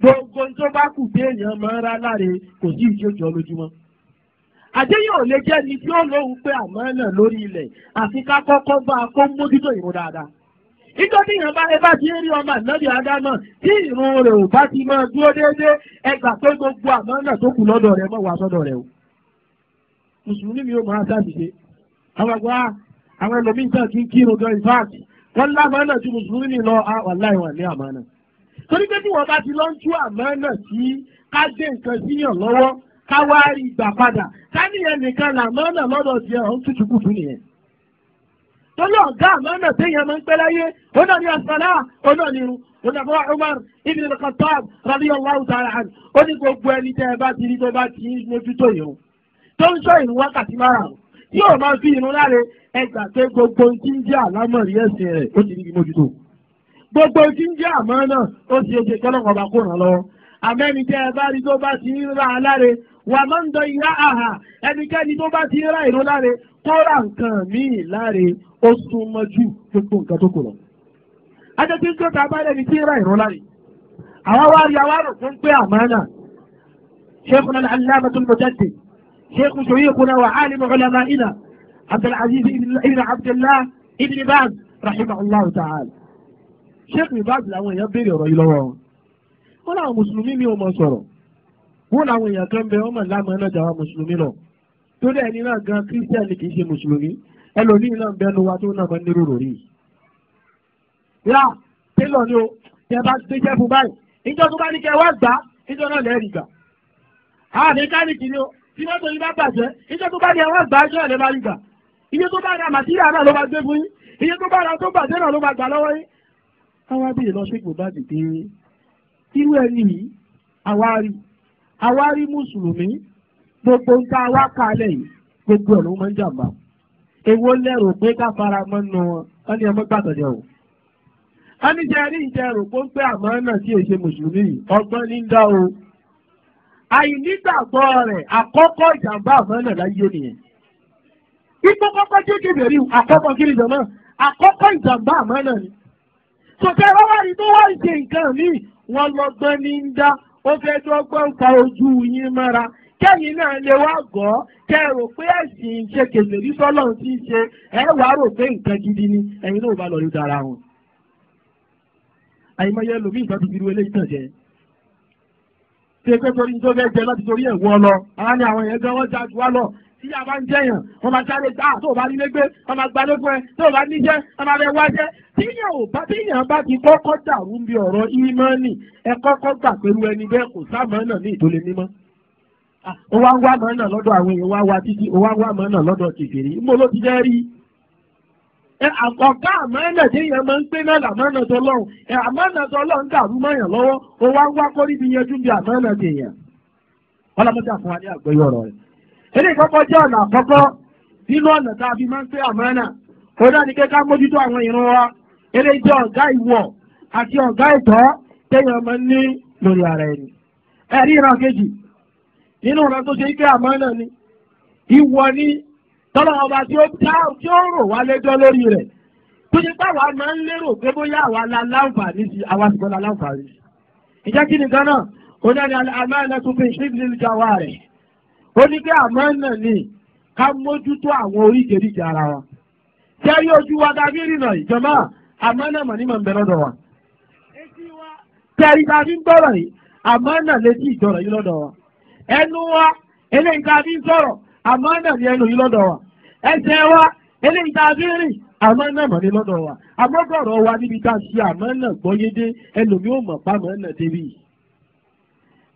gbogbo tó bá kù dé èèyàn máa ra láre kò sí ìjọjọ lójúmọ́ àjẹyìn ò lè jẹ́ ni tí ó lóhùn pé àmọ́ náà lórí ilẹ̀ àfi ká kọ́kọ́ bá a kó mójútó ìrún dáadáa ìjọ tí ìyàn bá ẹ bá ti rí ọmọ ìnáwó àdámọ̀ tí ìrun rẹ̀ ò bá ti máa dúró déédéé ẹgbà pé gbogbo àmọ́ náà tó kù lọ́dọ̀ rẹ̀ mọ̀ wá sọ́dọ̀ rẹ̀ o. mùsùlùmí mi ò máa ṣàṣìṣe àwọn àgbà àwọn ẹlòmíín tàn kí n kírun gan in fact wọ́n lámọ́ náà ju mùsùlùmí mi lọ wàláì wà ní àmọ́ náà. torí pé bí wọ́n bá ti lọ ń tú àmọ́ náà sí ká gbé nǹkan síyàn lọ́wọ́ ká wá rí ìgbà padà ká níyẹn nìkan làmọ́ náà lọ́dọ̀ tiẹ̀ ọ̀ ń tutù kùtù nìyẹn torí ọ̀gá àmọ́nà téèyàn máa ń pẹ́ láyé ó náà ní asàlá ó náà ní irun ó náà fọwọ́ Umar ibn al-Khattab radiyallahu ta'ala anhu ó ní gbogbo ẹni tẹ́ ẹ bá ti rí tó bá ti ń mójútó ìrun tó ń sọ ìrun wákàtí márùn tí yóò máa fi ìrun láre ẹgbà pé gbogbo tí ń jẹ́ àlámọ̀rí ẹ̀sìn rẹ̀ ó ti rí mójútó gbogbo tí ń jẹ́ àmọ́nà ó ti ṣe kọ́lọ́kọ̀ bá kó ó súnmọ́ jù gbogbo nǹkan tó kù lọ. ajọ́ tí ń tó ta bá lẹ́ni tí ń ra ìrọ́lá rẹ̀ àwa wá rí àwa rò fún pé àmánà ṣéèkù náà aláàmà tó ń bọ̀já dé ṣéèkù sọ yíyẹ kúnra wà áàlì mọ̀ọ́lámà iná abdulaziz ibn abdullah ibn baz rahimahullah ta'ala ṣéèkù ibaz làwọn èèyàn béèrè ọ̀rọ̀ yìí lọ́wọ́ wọn làwọn mùsùlùmí mi ò mọ̀ sọ̀rọ̀ wọn làwọn èèyàn kan bẹ ọmọ lámà náà jà wá mùsùlùmí lọ torí ẹni náà gan kírísítẹ́nì ẹlòmíì náà ń bẹnu wa tó náà máa ń nírò lórí. yá tẹ́lọ̀ ni o tẹ́ bá gbé jẹ́ fún báyìí ìjọ tó bá ní kẹ́ wá gbà ìjọ náà lẹ́rìí gbà. àwọn mẹkáníìkì ni o tí mọ́tò yìí bá bàjẹ́ ìjọ tó bá ní ẹwà gbà ìjọ náà lẹ́rìí gbà. iye tó bá ra màtíríà náà ló máa gbé fún yín iye tó bá ra tó bàjẹ́ náà ló máa gbà lọ́wọ́ yín. káwá bíi lọ sí gbòbáàdì pé irú ẹni yìí àwárí àwárí mùsùlùmí gbogbo ń ta wá kalẹ̀ yìí gbogbo ẹ̀ ló máa ń jàǹbá. èwo lẹ́rù pé ká fara mọ́ nù wọn wọ́n ní ọmọ o. wọ́n ní jẹ́ rí ìjẹ́ rò pé ń pẹ́ àmọ́ náà tí o. àìnígbàgbọ́ rẹ̀ àkọ́kọ́ ìjàmbá àmọ́ náà láyé nìyẹn. ipò kọ́kọ́ tí ó rí àkọ́kọ́ kiri jọ náà àkọ́kọ́ ìjàmbá àmọ́ náà ni. sọ̀tẹ́ rọ́wárí tó wá ṣe nǹkan míì wọ́n lọ́gbọ́n ní ń dá kẹ́yìn náà lè wá gọ́ kẹ́ ẹ rò pé ẹ̀sìn ṣe kèfèrí sọ́lọ́ tí ṣe ẹ rò pé nǹkan gidi ni ẹ̀yin náà bá lọ rí dára wọn. àyìnbáyé lomi ìgbà tó fi eléyìí tàn jẹ. ṣé pé torí tó fẹ́ jẹ láti torí ẹ̀wọ́ lọ ni àwọn yẹn já lọ tí a bá ń jẹyàn wọn máa sáré gbà tó o bá nílé gbé wọn máa fún Ọwa nwa ń wá mọ́ náà lọ́dọ̀ àwọn èèyàn títí ó wá ń náà lọ́dọ̀ kékeré ló ti jẹ́ rí ọ̀gá àmọ́nà tí èèyàn máa ń pé náà làmọ́nà tó lọ́hùn àmọ́nà tó lọ́hùn dàrú lọ́wọ́ ó wá ń wá kórí bí ní eléyìí kọ́kọ́ jẹ́ ọ̀nà àkọ́kọ́ nínú ọ̀nà tá a fi máa ń pé nínú ọ̀rọ̀ tó ṣe ike àmánà ni ìwọ ni tọ́lá ọba tí ó dá tí ó rò wá lẹ́jọ́ lórí rẹ̀ tó ṣe pàwọ́ àmọ́ ń lérò pé bóyá àwa la láǹfààní sí àwa sì gbọ́dọ̀ láǹfààní sí. ìjẹ́ kí ni gánà ó ní àmánà tó fi ṣíbi níjà wa rẹ̀ ó ní pé àmánà ni ká mójútó àwọn oríkèéríkèé ara wa. ṣé ayé ojú wa dábí ìrìnà ìjọba àmánà mọ̀ ní mọ̀ ń bẹ lọ́dọ̀ wa. tẹ̀rí ta fi ń gbọ́rọ̀ yìí àmánà létí ìjọrọ̀ yìí ẹnu wa eléyìí tá a fi ń sọ̀rọ̀ àmọ́ ẹnu yìí lọ́dọ̀ wa ẹsẹ̀ wa eléyìí tá a fi ń rìn wa àmọ́ gbọ̀rọ̀ wa níbi tá a ṣe àmọ́ náà gbọ́yédé ẹlòmíì ò mọ̀ pàmò náà débi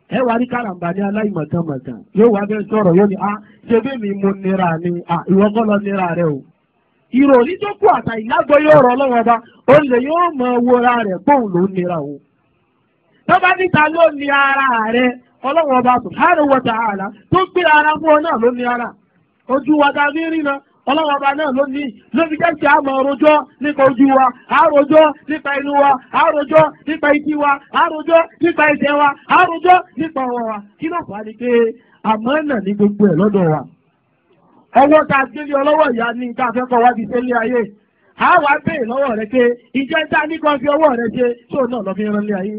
ẹ wà ní káràmbà ní aláìmọ̀tánmọ̀tán yóò wá a ah, ṣe mi mu nira ni ah, ìwọ kọ́ nira rẹ o ìròyìn tó kù àtà ìlágbọ́ yóò rọ lọ́wọ́ yóò mọ owó o ọlọ́run ọba subhanahu wa ta'ala tó gbé ara fún ọ náà ló ní ara ojú wa ta fi rí náà ọlọ́wọ́ ọba náà ló ní lóbi jẹ́sí àmọ́ òrojọ́ nípa ojú wa àròjọ́ nípa inú wa nípa etí wa àròjọ́ nípa ẹsẹ̀ wa nípa ọwọ́ wa kí ló fà á ni lọ́dọ̀ wa. ọwọ́ ọlọ́wọ́ ìyá ní nǹkan wa ní ayé.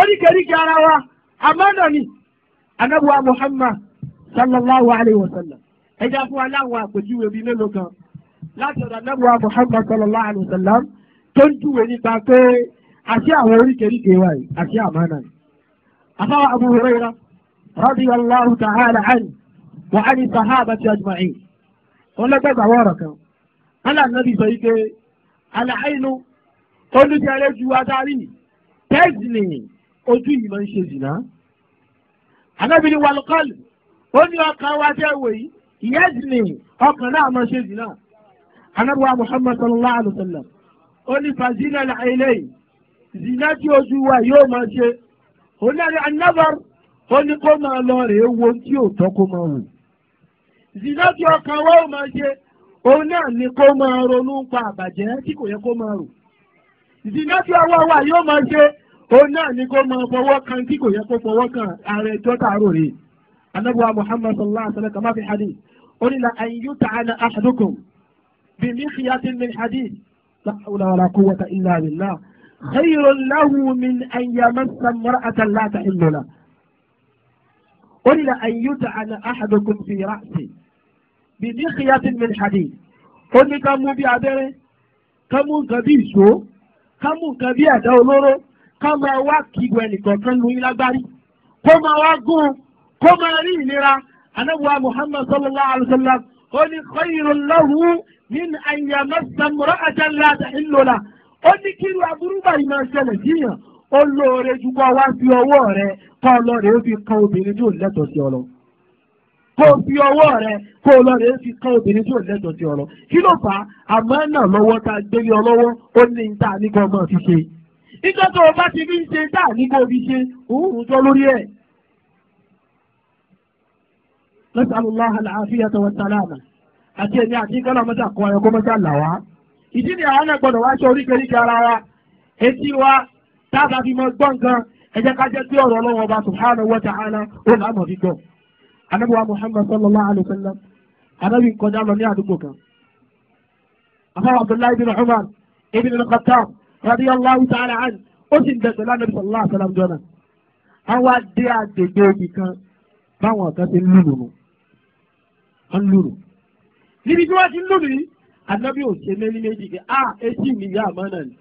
oríkèéríkèé ara wa àmánà ni anábùwà Muhammad sallallahu alayhi wa sallam ẹja fún wa láwọn àpèjúwe bíi mélòó kan láti ọ̀dọ̀ anábùwà Muhammad sallallahu alayhi wa sallam tó ń júwe nípa pé àti àwọn oríkèéríkèé wa yìí àti àmánà ni. àfáwà Abu Hurairah radiyallahu ta'ala anhu wa ani sahabati ajma'in wọn lọ́gbàgbà wọ́ọ̀rọ̀ kan alànàbì sọ yìí pé àlàáìnú olùdarí ju adarí tẹ́sìlì ojú yìí máa ń ṣe zìnà. Ànábì ni wàlúkọ́lù ó ní ọkàn wa jẹ́ ìwé yìí ìyá ìdílé ọkàn náà máa ṣe zìnà. Ànábì wa Muhammad sallallahu alayhi wa sallam ó ní fàzínà làílẹ̀ yìí zìnà tí ojú wa yóò máa ṣe. Ó ní àná anábàr ó ní kó máa lọ rèé wo tí ò tọ́ kó máa wò. Zìnà tí ọkàn wa ó máa ṣe òun náà ni kó máa ronú pa àbàjẹ́ tí kò yẹ kó máa rò. Zìnà tí ọwọ́ wa yóò máa ṣe òun náà ni kó máa fọwọ́ kan tí kò yẹ kó fọwọ́ kan ààrẹ ẹjọ́ tààrọ̀ rè anábùwà muhammad sallallahu alaihi wa sallam kàmáfi hadith ó ní la ayé ta'ala ahadukum bí mi xiyàtí min hadith la hawla wala quwwata illa billah khayrun lahu min an yamassa mar'atan la tahillu lahu ó ní la ayé ta'ala ahadukum fi ra'si bí mi xiyàtí min hadith ó ní ká mú bí abẹ́rẹ́ ká mú nǹkan bí ìṣó ká mú nǹkan bí àdá olóró ká máa wá kígbe ẹnìkan kan lu yín lágbárí kó máa wá gún kó máa rí ìlera anábùwà muhammad sallallahu alayhi wa sallam ó ní khayrun lahu min an yamassa imra'atan la tahillu lah ó ní kíru aburú báyìí máa ṣẹlẹ̀ síyàn ó lóore ju kó wá fi ọwọ́ rẹ kó lọ rè é fi kan obìnrin tó lẹ́tọ̀ọ́ sí ọ kó o fi ọwọ́ rẹ kó o lọ rẹ fi kán obìnrin tí ò lẹ́tọ̀ọ́ sí ọ̀rọ̀ kí ló fà á àmọ́ náà lọ́wọ́ tá gbé lé lọ́wọ́ ó ní níta ní kó máa fi ṣe nígbà tó o bá ti fi ń ṣe dáà nígbà òbí ṣe òun sọ lórí ẹ̀. nasalullaha al-afiyata wa salama àti ẹ̀mí àti kọ́lá mọ́tà kọ́ ẹ̀ kó mọ́tà là wá. ìdí ni àwọn náà gbọ́dọ̀ wá ṣe oríkèéríkèé ara wa etí wa táàbà fi mọ gbọ́ nǹkan ẹ jẹ́ ká jẹ́ pé ọ̀rọ̀ ọlọ́wọ́ ọba subhanahu wa ta'ala ó là mọ̀ gbọ́. anábíwá muhammad sallallahu alayhi wa sallam anábì kọjá lọ ní àdúgbò kan. afáwọn abdullahi bin umar ibn al-khattab radiyallahu ta'ala anhu ó sì ń bẹ̀ pẹ̀lú anabi sallallahu alayhi wa sallam jọ́nà. àwa dé omi kan báwọn kan ti ń lùlù nù ń níbi tí wọ́n ti yìí anabi ò ṣe méjì a ah, etí mi ya àmọ́ náà ni.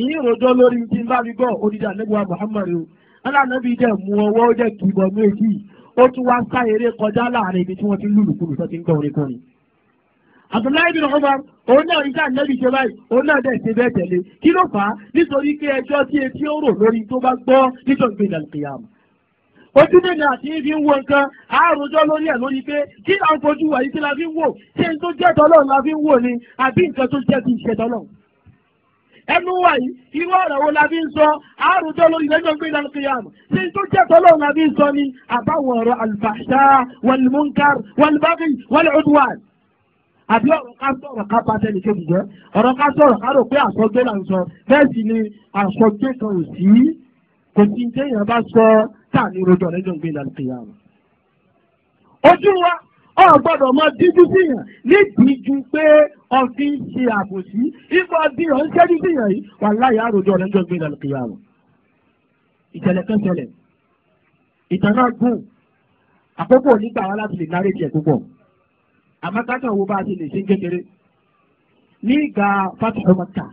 ìyín rojọ́ lórí ti ń bá mi gbọ́ anabi wa muhammadu, o anabi dẹ̀ mú ọwọ́ ó dẹ̀ kì í bọ̀ etí kọjá láàrin ibi tí ti Abdullahi bin Umar òun náà iṣẹ́ ànábì ṣe báyìí òun náà dẹ̀ ṣe bẹ́ẹ̀ tẹ̀lé kí ló fà á nítorí pé ẹjọ́ tí etí ó rò lórí tó bá gbọ́ nítorí pé ìdàlùkìyàmù ojú dènà àti ibi ń wo nǹkan àáròjọ́ lórí ẹ̀ lórí pé kí là fojú wà yìí kí la fi ń wò ṣé n tó jẹ́ tọ́lọ́run la fi ń wò ni àbí nǹkan tó jẹ́ ti ìṣẹ́ tọ́lọ́run. ẹnu wà yìí irú ọ̀rọ̀ wo la fi ń sọ àáròjọ́ lórí lẹ́jọ́ pé ìlànà ṣé n tó àbí ọ̀rọ̀ ká sọ̀rọ̀ ká bá tẹ́lẹ̀ kejì jẹ́ ọ̀rọ̀ ká sọ̀rọ̀ ká rò pé àsọgbé là ń sọ bẹ́ẹ̀ sì ni àsọgbé kan ò sí kò sí téèyàn bá sọ táà ní rojọ́ rẹ̀ jọ̀ǹgbé ìlànà ìyá rẹ̀. ojú wa ọ gbọ́dọ̀ mọ dídú síyàn nídìí ju pé ọfin ṣe àbòsí ipò ọdún yàn ń ṣẹ́jú síyàn yìí wà láyé àròjọ rẹ̀ jọ̀ǹgbé ìlànà ìyá rẹ̀. ìṣẹ̀lẹ̀ kan ṣẹlẹ̀ ìtàn náà gùn àkókò nígbà wa láti lè nárètì ẹ̀ púpọ̀ àmọ́ kákan wo bá a ti lè ṣe ń kékeré ní ìgbà fatihu maka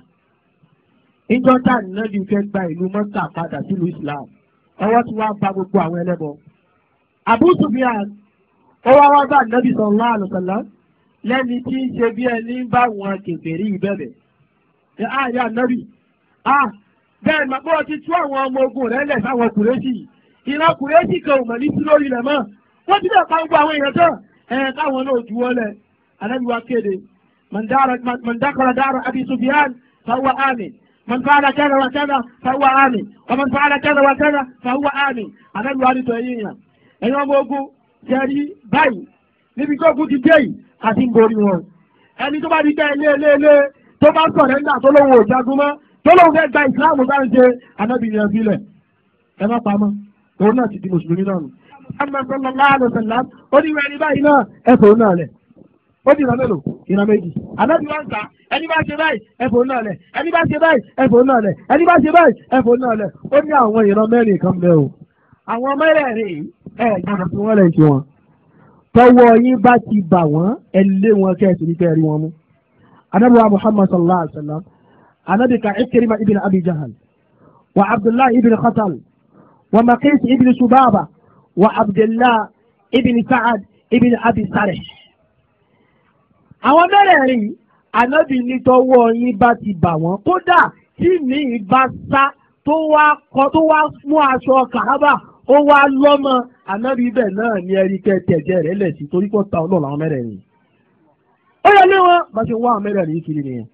ìjọ tá ànábì fẹ́ gba ìlú maka padà sílùú islam ọwọ́ tí wàá ba gbogbo àwọn ẹlẹ́bọ Abu Sufyan ọwọ́ wa bá ànábì sallallahu alaihi wasallam lẹ́ni tí ń ṣe bí ẹni ń bá wọn kèfèrí ìbẹ̀bẹ̀ ẹ á yà ànábì á ah, bẹ́ẹ̀ mà bọ́ ti tú àwọn ọmọ ogun rẹ̀ lẹ̀ sáwọn kùrẹ́sì ìran kùrẹ́sì kan ò mọ̀ ní sí lórí rẹ̀ mọ́ wọ́n ti bẹ̀ pa gbogbo àwọn èèyàn tán ẹ káwọn náà juwọ́ lẹ̀ anabi wa kéde man dakara dara abi sufiyan fahuwa amin man faala kada wa kada fahuwa amin wa man faala kada wa kada fahuwa amin anabi wa ni tọ́ yín yàn ẹ̀yin ọmọ ogun jẹ́rí báyìí níbi tó kú ti dé yìí àti ń borí wọn ẹni tó bá di ká ilé ilé ilé tó bá sọ̀rọ̀ nígbà tó lóun ò jagun mọ́ tó lóun fẹ́ gba ìsìláàmù bá ń ṣe anabi yẹn ẹ má pamọ́ òun náà ti di mùsùlùmí náà nù ó ní wẹ́n ní báyìí náà ẹ̀fọ́ náà lẹ̀ ó di ìran mélòó ìran méjì ànábì wọn gbà ẹni bá ṣe báyìí ẹ̀fọ́ náà lẹ̀ ẹni bá ṣe báyìí ẹ̀fọ́ náà lẹ̀ ẹni bá ṣe báyìí ẹ̀fọ́ náà lẹ̀ ó ní àwọn ìran mẹ́rin kan bẹ́ẹ̀ o àwọn mẹ́rẹ̀ẹ̀rin ẹ̀ gbọ́dọ̀ fún wọn lẹ́yìn tí wọn tọwọ́ yín bá ti bà wọ́n ẹ lé wọn kẹ́sì ní kẹ́rì wọn mú ànábì wa muhammad sallallahu alaihi wa sallam ànábì ka ikirima ibn abi jahal wa ibn Sa'ad ibn Abi sare. àwọn mẹ́rẹ̀ẹ̀rin yìí ànábì nítọ́wọ́ yín bá ti bà wọ́n kódà tí mi bá sá tó wá kọ tó wá mú aṣọ kàábà ó wá lọ́mọ ànábì bẹ́ẹ̀ náà ní ẹrí kẹ́ tẹ̀jẹ́ rẹ̀ lẹ̀ sí torí kò ta ọlọ́run àwọn mẹ́rẹ̀ẹ̀rin. ó yẹ ní wọn bá ṣe wá àwọn mẹ́rẹ̀ẹ̀rin kiri nìyẹn.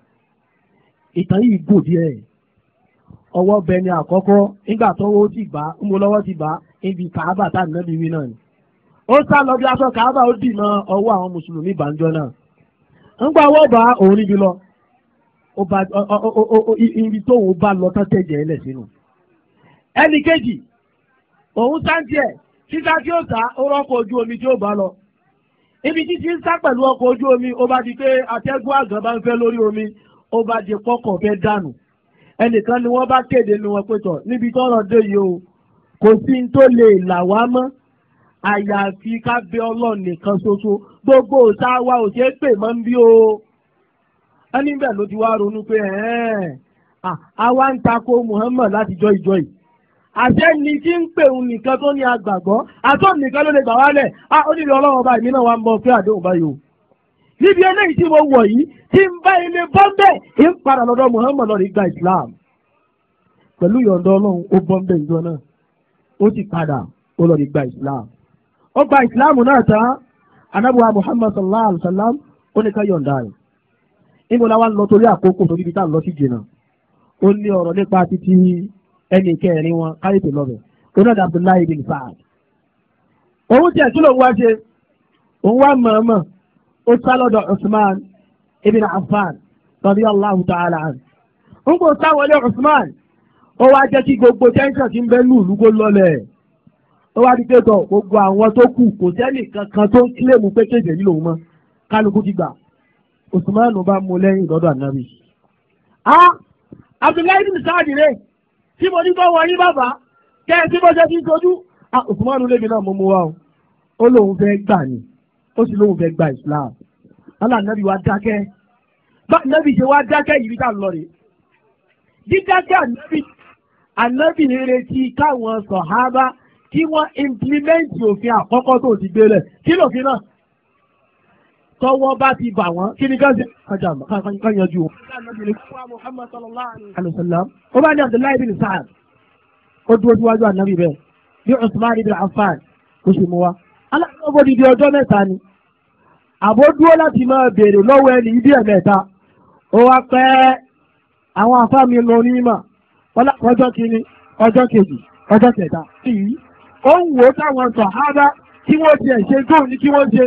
ìtàn yìí gò díẹ̀ ọwọ́ bẹ ni àkọ́kọ́ nígbà tọ́wọ́ ti bá ń bo lọ́wọ́ ti bá ibi kàábà tá ó sá lọ bí aṣọ kàábà ó dì mọ́ ọwọ́ àwọn mùsùlùmí ìbànújọ́ náà ńgbà wọ́n bá òun níbi lọ ibi tóun bá lọ tán tẹ̀jẹ̀ ẹlẹ̀ sínú. ẹnì kejì òun sáńtì ẹ̀ sísá tí ó sá ó rọ́pò ojú omi tí ó bá lọ. ibi títí ń sá pẹ̀lú ọkọ̀ ojú omi ó bá di pé atẹ́gùn àgàn bá ń fẹ́ lórí omi ó bá di pọ́kọ̀ fẹ́ dànù. ẹnìkan ni wọ́n bá kéde nu wọn pé tọ̀ níbi tọ́rọ̀ àyàfi ká bẹ ọlọ́run nìkan ṣoṣo gbogbo òta wa ò ṣeé pè mọ́ ń bí o ẹni bẹ́ẹ̀ ló ti wá ronú pé àwa ń tako Muhammad láti jọ ìjọ yìí àṣẹ ni tí ń pè òun nìkan tó ní agbàgbọ́ àtọ́ nìkan ló lè gbà wálẹ̀ á ó nílò ọlọ́run ọba ìmínà wa ń bọ fẹ́ àdéhùn báyìí o níbi eléyìí tí mo wọ̀ yìí tí ń bá ilé bọ́ńbẹ́ ń padà lọ́dọ̀ Muhammad lọ́ọ́ gba Islam pẹ̀lú ìyọ̀ǹda ọlọ́run ó bọ́ńbẹ́ ìjọ náà ó ti padà ó lọ́ọ́ gba Islam ó gba ìsìláàmù náà tán Anabuwa muhammad sallallahu alayhi wa sallam ó ní ká yọ̀ǹda rẹ̀ níbo la wá ń lọ torí àkókò torí ibi tá à ń lọ sí jìnnà ó ní ọ̀rọ̀ nípa títí ẹnì kẹrin wọn káyọ̀tì lọ́bẹ̀ onáda abdullahi bin saad òun tiẹ̀ kí ló wá ṣe òun wá mọ̀ọ́mọ̀ ó ta'ala kò usman ó wá gbogbo ti ń bẹ́ ní ó wá di pé tọ̀ gbogbo àwọn tó kù kò sẹ́nì kankan tó ń kílèmù pé kéde yìí lòun mọ́ kálukú ti gbà Usmanu bá mú lẹ́yìn lọ́dọ̀ ànábì. a Abdullahi bin Saadi rè tí mo ní kọ́ wọ́n yín bàbá kẹ́ ẹ tí mo ṣe fi sojú a Usmanu lébi náà mo mú wa o ó lóun fẹ́ gbà ni ó sì lóun fẹ́ gba Islam Allah ànábì wa dákẹ́ bá ànábì ṣe wá dákẹ́ yìí bí ká lọ rè dídákẹ́ ànábì ànábì kí wọ́n implimẹ́ǹtì òfin àkọ́kọ́ tó ti gbélẹ̀ kí lòfin náà tọwọ́ bá ti bà wọ́n kí ni gáàsì kájà ká yanjú o. ó bá ní abdullahi bin sa'ad ó dúró síwájú ànábì bẹ́ẹ̀ bí usman ibn affan ó sì mú wa. alákọ̀ọ́bọ̀ di di ọjọ́ mẹ́ta ni àbó dúró láti máa béèrè lọ́wọ́ ẹni ibi ẹ̀ mẹ́ta ó wá pẹ́ àwọn afá mi lọ onímọ̀ ọjọ́ kìíní ọjọ́ kejì ọjọ́ kẹta ó ń wò ó táwọn sàhábà kí wọ́n ti ẹ̀ ṣe tóun ní kí wọ́n ṣe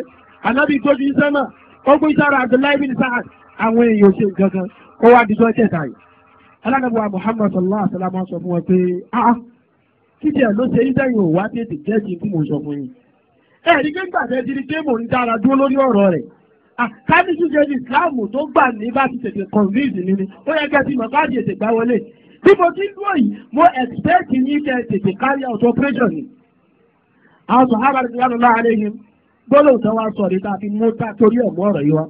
ànábì tójú iṣẹ́ náà ó gbé sára Abdullahi bin Sa'ad àwọn èèyàn ṣe nǹkan kan ó wá di sọ́ọ́ tẹ̀sán yìí. alágbàbọ̀ Muhammad sallallahu alayhi wa sallam sọ fún wọn pé ah títí ẹ̀ ló ṣe iṣẹ́ yìí ò wá tètè jẹ́sìn tí mo sọ fún yín. ẹ ní gbẹ́ngbà tẹ́ ti di pé mò ń dára dúró lórí ọ̀rọ̀ rẹ̀ káàdì ṣíṣe ní ìsìláàmù tó gbà ní bá ti tètè convince mi ni ó yẹ kẹ́ ti mọ̀ káàdì ètè gbá wọlé bí mo ti ń dúró yìí mo expect yín kẹ́ tètè carry out operation ni àwọn sọ̀hábà rẹ̀ yára láàrin ẹ̀yìn gbọ́dọ̀ tó wá sọ̀rọ̀ tá a fi mú tá torí ọ̀gbọ́n ọ̀rọ̀ yìí wá.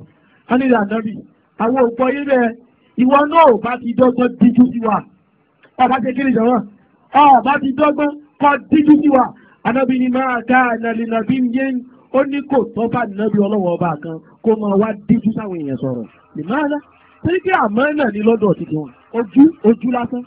a ní ìlànàbì àwọn òpó yín bẹ́ẹ̀ ìwọ náà ò bá ti dọ́gbọ́n díjú sí wa ọba ṣe kí ni jọ̀wọ́ ọba ti dọ́gbọ́n kọ́ díjú sí wa anábì ni máa ká ànàlìnàbí yẹn ó ní kò tọ́ bá nàbí ọlọ́wọ́ ọba kan kó máa wá díjú sáwọn èèyàn sọ̀rọ̀ ìmáàlá torí pé àmọ́ náà ní lọ́dọ̀ ti tiwọn ojú ojú lásán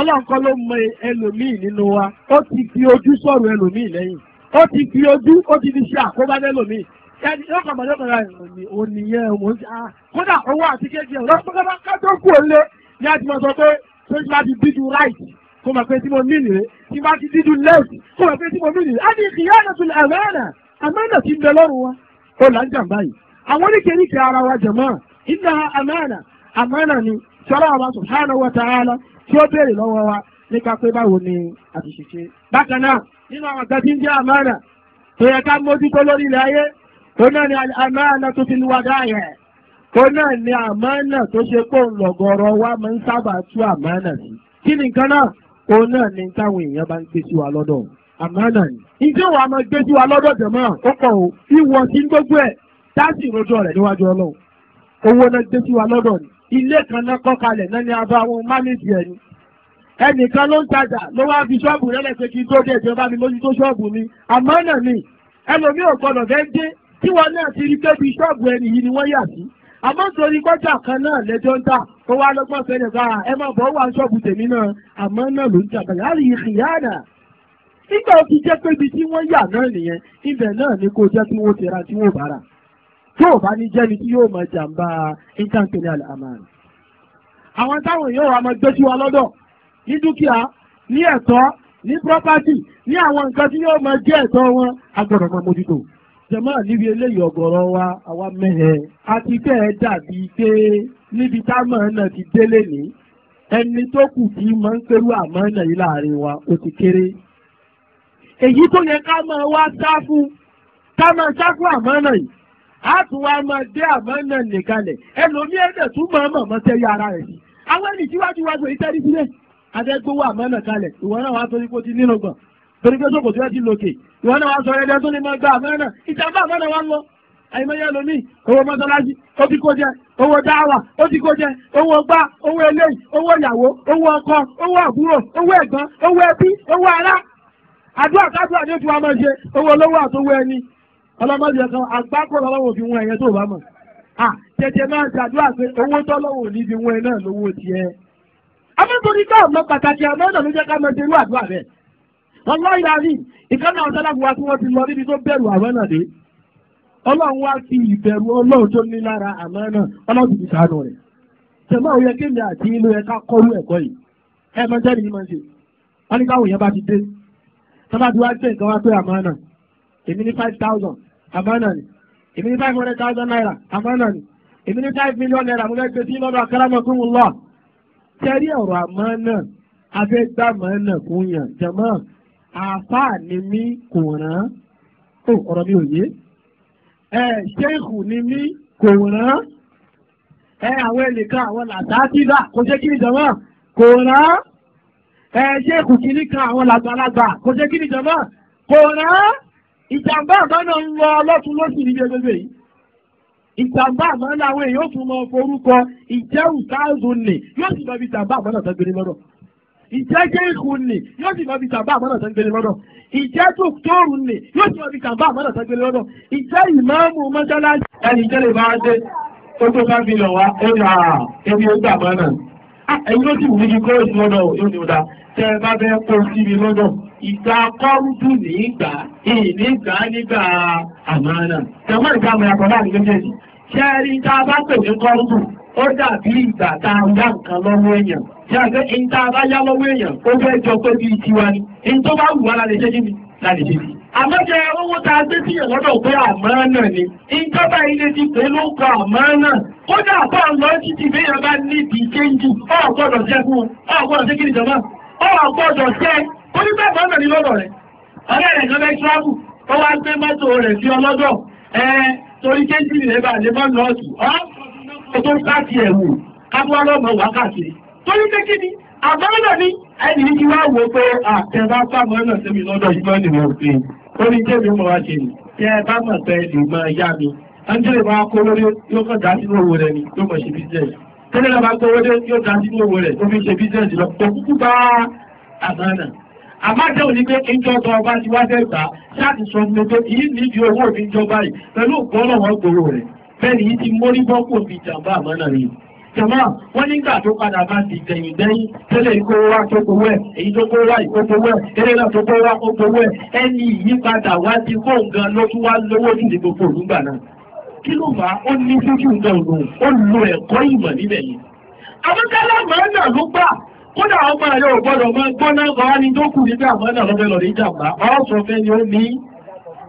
ọlọ́nkọ́ ló mọ ẹlòmíì nínú wa ó ti fi ojú sọ̀rọ̀ ẹlòmíì lẹ́yìn ó ti fi ojú ó ti fi ṣe àkóbá lẹ́lòmíì ẹni yóò kàn mọ̀lẹ́ kọ̀ọ̀rọ̀ ònìyẹn mò ń ṣe ah kódà owó àti kéèké ọ̀rọ̀ pọ́kẹ́pọ́ kájọ́ kú òlé ní àti mọ̀ sọ pé tó ti bá ti díjú right kó mọ̀ pé tí mo mìnì rè tí bá ti díjú left kó mọ̀ pé tí mo mìnì rè á ní ìyá ẹ̀rọ tó lè àmẹ́rẹ̀ àmẹ́rẹ̀ ti ń bẹ lọ́rùn wa ó là ń jàǹbá yìí àwọn oníkèéríkèé ara wa jẹ̀mọ́ iná àmẹ́rẹ̀ àmẹ́rẹ̀ ni sọ́lá wa subhanahu wa ta'ala tí wa nípa pé báwo ni àtìṣe ṣe bákan nínú àwọn kan tí ń jẹ́ àmánà tó yẹ ká mójútó lórí ilẹ̀ ayé náà ni àmánà tó ti ń wá dáyẹ̀ òun náà ni tó ṣe pé òun wa máa ń sábà tú amaana sí kí ni nǹkan náà òun náà ni táwọn èèyàn bá ń gbé sí wa lọ́dọ̀ ni. ǹjẹ́ wàá máa gbé sí wa lọ́dọ̀ jẹ̀mọ́ ó o sí gbogbo ẹ̀ dáàsì rojọ́ rẹ̀ níwájú ọlọ́run owó náà gbé sí ni ilé kan náà kọ́ kalẹ̀ náà ni a mánéjì ẹnìkan ló ń tajà ló wá fi ṣọ́ọ̀bù rẹ̀ lẹ́sẹ̀ kí n tó dé ìjọba bá mi mójútó ṣọ́ọ̀bù mi àmọ́ náà ni ẹlòmíì ò gbọdọ̀ fẹ́ dé tí wọn náà ti rí pé bí ṣọ́ọ̀bù ẹni yìí ni wọ́n yà sí àmọ́ nítorí kọ́jà kan náà lẹ́jọ́ ń tà ó wá lọ́gbọ́n sẹ́yìn ká ẹ máa bọ̀ wá ṣọ́ọ̀bù tèmi náà àmọ́ náà ló ń jàgbá yàrá yìí kìyàdà nígbà ó ti jẹ́ pé ibi tí wọ́n yà àwọn táwọn èèyàn wà máa gbé sí wa lọ́dọ̀ ní dúkìá ní ẹ̀tọ́ ní property ní àwọn nǹkan tí yóò máa jẹ́ ẹ̀tọ́ wọn a máa mójútó. jẹ̀mọ́ níbi eléyìí ọ̀gọ̀rọ̀ wa àwa mẹ́hẹ̀ àti dàbí pé níbi táwọn ti délé ní ẹni tó kù tí máa ń pẹ̀lú àmọ́ náà yìí láàrin wa ó ti kéré. èyí tó yẹ ká máa wá ká máa àmọ́ yìí tún wá máa dé àmọ́ tún máa mọ̀ mọ́ adẹ́gbówó àmọ́nà kalẹ̀ ìwọ náà wàá torí kó ti nínú gbọ̀n torí pé sókò tí wọ́n ti lòkè ìwọ náà wàá sọ ẹ̀dẹ́ tó lè máa gba àmọ́nà ìjàmbá àmọ́nà wa ń lọ àìmọye lomi owó mọ́sálásí ó ti kó jẹ owó dáwà ó ti kó jẹ owó gbá owó eléyìí owó ìyàwó owó ọkọ owó àbúrò owó ẹ̀gbọ́n owó ẹbí owó ará àdúrà kádùrà ní oṣù wa máa ṣe owó olówó àtowó ẹni ọlọ́mọdé kan àgbákò lọ́wọ́ òfin wọn ẹ̀yẹ tó bá mọ̀ à tètè máa ṣàdúrà pé owó tọ́lọ́wọ́ ò ní fi wọn ẹ náà lówó tiẹ̀ amẹ́tòrí ká àmọ́ pàtàkì àmọ́ ẹ̀dọ̀ ló jẹ́ ká mọ ṣerú àdúrà rẹ̀ ọlọ́run àrí ìkànnì àwọn sọ́dọ̀ wa tí wọ́n ti lọ níbi tó bẹ̀rù àwọn náà dé ọlọ́run wá fi ìbẹ̀rù ọlọ́run tó ní lára àmọ́ náà ọlọ́run ti sànù rẹ̀ tẹ̀mọ́ òye kéde àti ilé ẹ̀ka kọ́rú ẹ̀kọ́ yìí ẹ̀ mọ jẹ́rìí ni mo ṣe wọ́n ní káwọn yẹn bá ti dé tọ́ba ti wá gbé nǹkan wá pé àmọ́ náà èmi ní five thousand àmọ́ náà ni èmi ní five hundred thousand naira àmọ́ náà ni èmi ní five million naira mo fẹ́ gbé sí lọ́dọ̀ akẹ́rẹ́mọ̀kúnmù lọ́ọ̀ sẹ́rí ọ̀rọ̀ àmọ́ náà abẹ́gbàmọ́ náà kò yàn jẹ̀mọ́ àáfàá ni mí kò rán ó ọ̀rọ̀ mi ò yé ẹ ṣéèkù ni mí kò rán ẹ àwọn ẹnìkan àwọn làtàtìlà kò ṣe kí ni jẹ̀mọ́ kò rán ẹ ṣéèkù kìíní kan àwọn làgbàlagbà kò ṣe kí ni jẹ̀mọ́ kò rán ìjàmbá àbáná ń lọ ọlọ́tún lọ́sìn ní gbẹgbẹgbẹ yìí ìjàmbá àmọ́ láwọn èèyàn fún mọ forúkọ ìjẹ́ ùsáàzù nì yóò sì máa fi ìjàmbá àmọ́ náà sẹ́gbẹ̀rẹ̀ lọ́dọ̀ ìjẹ́ jẹ́ìkù nì yóò sì máa fi ìjàmbá àmọ́ náà sẹ́gbẹ̀rẹ̀ lọ́dọ̀ ìjẹ́ dòkítọ́rù nì yóò sì máa fi ìjàmbá àmọ́ náà sẹ́gbẹ̀rẹ̀ lọ́dọ̀ ìjẹ́ ìmáàmù mọ́ṣáláṣí ẹni ìjẹ́lẹ̀ máa dé tó tó bá fi lọ wá ẹni àà ìgbà kọ́rùdù ní ìgbà ìnígbà nígbà àmàna jẹmọ́ ìgbà mọ̀ yàtọ̀ láàrin méjèèjì ṣe rí tá a bá pè ní kọ́rùdù ó dàbí ìgbà tá a yá nǹkan lọ́wọ́ èèyàn ṣe àgbẹ̀ ìyí tá a bá yá lọ́wọ́ èèyàn ó fẹ́ jọ pé bíi tiwa ni ìyí tó bá wù wá lálẹ́ ṣé níbi lálẹ́ ṣe sí. àmọ́jẹ owó tá a gbé síyàn lọ́dọ̀ pé ni ìjọba ilé ti pè ló ó ní bẹ́ẹ̀ bọ́ọ̀nà ní lọ́dọ̀ rẹ̀ ọ̀rẹ́ rẹ̀ kan bẹ́ẹ̀ tíráàbù ó wá gbé mọ́tò rẹ̀ sí ọlọ́dọ̀ ẹ torí kéjì rẹ̀ bá lè mọ́ nọ́ọ̀tù ọ́ ó tó káàkì ẹ̀wù kábúwálọ́mọ wákàtí torí pé kí ni àbọ́ọ̀nà ni ẹni ní kí wá wo pé àtẹ̀bá sábọ́ọ̀nà sí mi lọ́dọ̀ yìí mọ́ni mo fi orí tẹ́mi mọ̀ wá ṣe ni tẹ́ ẹ bá mọ̀ pé lè mọ ẹyá mi ẹnjẹ́lẹ̀ bá kó lórí yóò kàn dá sínú owó rẹ̀ ni yóò mọ̀ ṣe bísíǹsì tẹ́lẹ̀ bá kó lórí yóò dá sínú owó rẹ̀ tó fi ṣe bísíǹsì lọ òkúkú bá àbọ̀ọ̀nà àmájẹ́ òní pé ìjọba ọba ti wá dẹ́gbà láti sọ fún mi pé èyí nídìí owó mi jọba yìí pẹ̀lú ògbọ́n náà wọ́n gbòòrò rẹ̀ bẹ́ẹ̀ ni yìí ti mórí bọ́pò fi jàǹbá àmọ́ náà rí jọmọ́ wọ́n nígbà tó padà bá ti gbẹ̀yìn gbẹ́yìn tẹ́lẹ̀ ìkówó wá tó kówó ẹ̀ èyí tó kówó wá ìkókówó ẹ̀ tẹ́lẹ̀ náà tó kówó wá kókówó ẹ̀ ẹni ìyípadà wá ti kó nǹkan ló tún wá lówó jù ní gbogbo òlúgbà náà kí ló fà á ó ní fújú nǹkan òun ó lo ẹ̀kọ́ ìmọ̀ níbẹ̀ yìí àwọn kálámà náà ló gbà kódà ọmọ ẹ̀yọ́ ògbọ́dọ̀ máa gbọ́nà ọ̀rá ni tó kù nígbà mọ́nà lọ́dẹ̀ lọ́dẹ̀ ìjàmbá ọ̀sọ̀ fẹ́ ni ó ní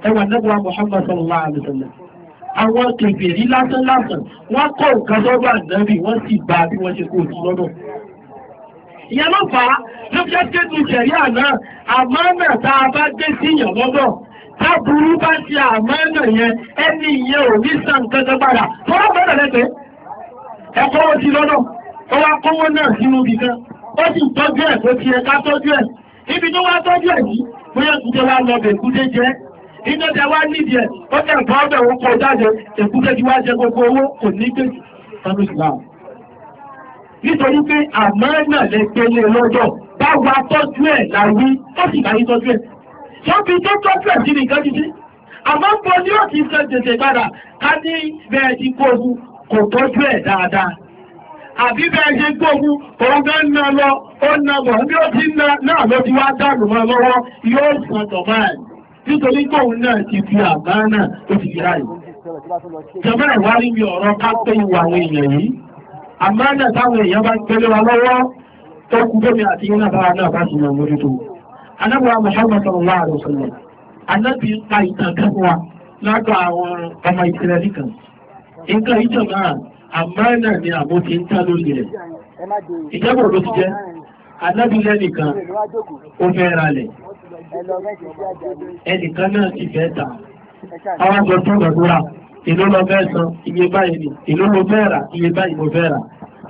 ẹwà nẹ́bùwà Muhammad sallallahu alaihi wasallam àwọn kèfèrí lásán lásán wọ́n kọ́ nǹkan sọ́gbà nẹ́bì wọ́n sì bá bí wọ́n ṣe kó sí lọ́dọ̀ ìyẹn ló fà á ló fi ṣe tu ṣẹ̀rí àná àmọ́nà tá a bá dé sí ìyàn lọ́dọ̀ ẹ̀kọ́ ti lọ́dọ̀ ó kọ́wọ́ náà sínú ibì kan ó sì ń tọ́jú ẹ̀ tó ti ẹ ká tọ́jú ẹ̀ ibi tó wá tọ́jú ẹ̀ yìí bóyá kúté wá lọ bẹ̀ kúté jẹ́ iná tẹ wá nídìí ẹ̀ ó tẹ̀ ń bọ́ bẹ̀ wọ́n kọ jáde èkúté ti wá jẹ gbogbo owó kò ní pé sanu islam nítorí pé àmọ́ náà lè gbélé lọ́jọ́ bá wa tọ́jú ẹ̀ láwí ó sì bá yí tọ́jú ẹ̀ ṣọ́bi tó tọ́jú ẹ̀ sí nìkan títí àmọ́ bo ni ó ti sọ tètè padà ká ní bẹ́ẹ̀ ti kó ogun kò tọ́jú ẹ̀ dáadáa àbíbẹ̀ ṣe ń tóbu òun bẹ́ ń na lọ na bí ó ti na náà ló ti wá dànù mọ́ lọ́wọ́ yóò sàn tọ̀mọ́ ẹ̀ nítorí tóun náà ti fi àbá náà ó ẹ̀ wá rí mi ọ̀rọ̀ ká pé ìwà àwọn èèyàn yìí àmọ́ náà táwọn èèyàn bá wa lọ́wọ́ tó kú bómi àti iná náà ọmọ kan. nǹkan ìjọba àmánà ni àmọ́ fi ń tá lórí rẹ̀. ìjábọ̀ ló ti jẹ́ alábílẹ̀ nìkan ó fẹ́ ralẹ̀ ẹnìkan náà ti fẹ́ tà àwọn àjọ tó gbàdúrà ìlú lọ fẹ́ san iye báyìí ni ìlú lọ fẹ́ rà iye báyìí mo fẹ́ rà.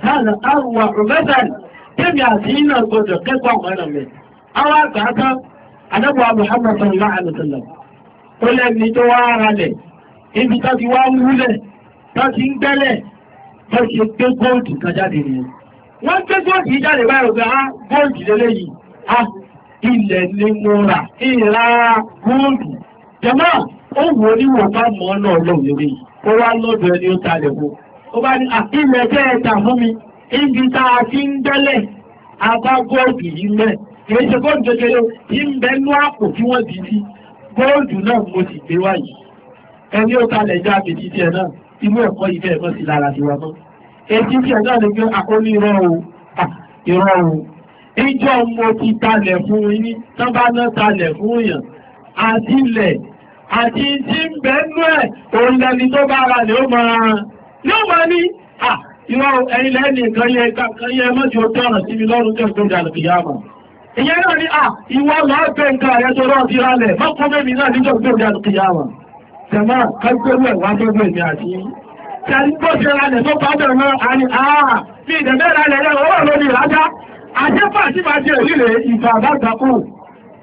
hànà àrùwà rọ̀mẹ́tàlì tẹ́mi àti iná gbọdọ̀ kẹ́kọ̀ọ́ àwọn ẹ̀rọ mi. àwọn àgbà kan anábọ̀ Muhammad sallallahu ó lẹ́ni tó wá ralẹ̀ ibi tó wá wúlẹ̀ tó ń gbẹ́lẹ̀ wọ́n ṣe gbé góòdù kan jáde nìyẹn wọ́n gbé góòdù jáde báyìí pé ah góòdù lélẹ́yìí ah ilẹ̀ ni mo rà ìlà góòdù jẹ́mọ́ ó wò ó níwò bá mọ́ ọ́ náà lọ́wọ́ lórí ó wá lọ́dọ̀ ẹni ó talẹ̀ wo ó bá ní ah, ilẹ̀ jẹ́ ẹ̀ta fún mi ibi tá títí ẹ náà inú ẹ̀kọ́ yìí bẹ́ẹ̀ kọ́ sí lára sí wa tán èyí tí ẹ̀dá ni pé àkóní irọ́ o irọ́ o ìjọ mo ti talẹ̀ fún yín tán bá ná talẹ̀ fún yàn àti ilẹ̀ àti tí ń bẹ nú ẹ̀ òun lẹni tó bá ra ni ó máa ni ó máa ní irọ́ ẹ̀yin lẹ́ni nǹkan yẹ kan yẹ mọ́jú ó tọ̀nà sí mi lọ́rùn tó ń tó dànù kìyà mọ́ ìyẹn náà ni ìwọ lọ́ọ́ bẹ nǹkan àyẹ̀tọ́ lọ́ọ́ fi ralẹ̀ mọ́kúnmẹ́mi náà níjọ́ tó dànù kìyà mọ́. Tẹ̀mọ́ kájúgbérú ẹ̀ wá gbogbo èmi àti yín. Tẹ̀lú bó ṣe ra lẹ̀ tó bá bẹ̀rẹ̀ náà, a ní àà bí ìdẹ̀bẹ̀ ra lẹ̀ lẹ́wọ̀ wà lórí ìrájá. Àjẹ́fà sí máa jẹ́ òrí rẹ̀ ìgbà àbáta kù.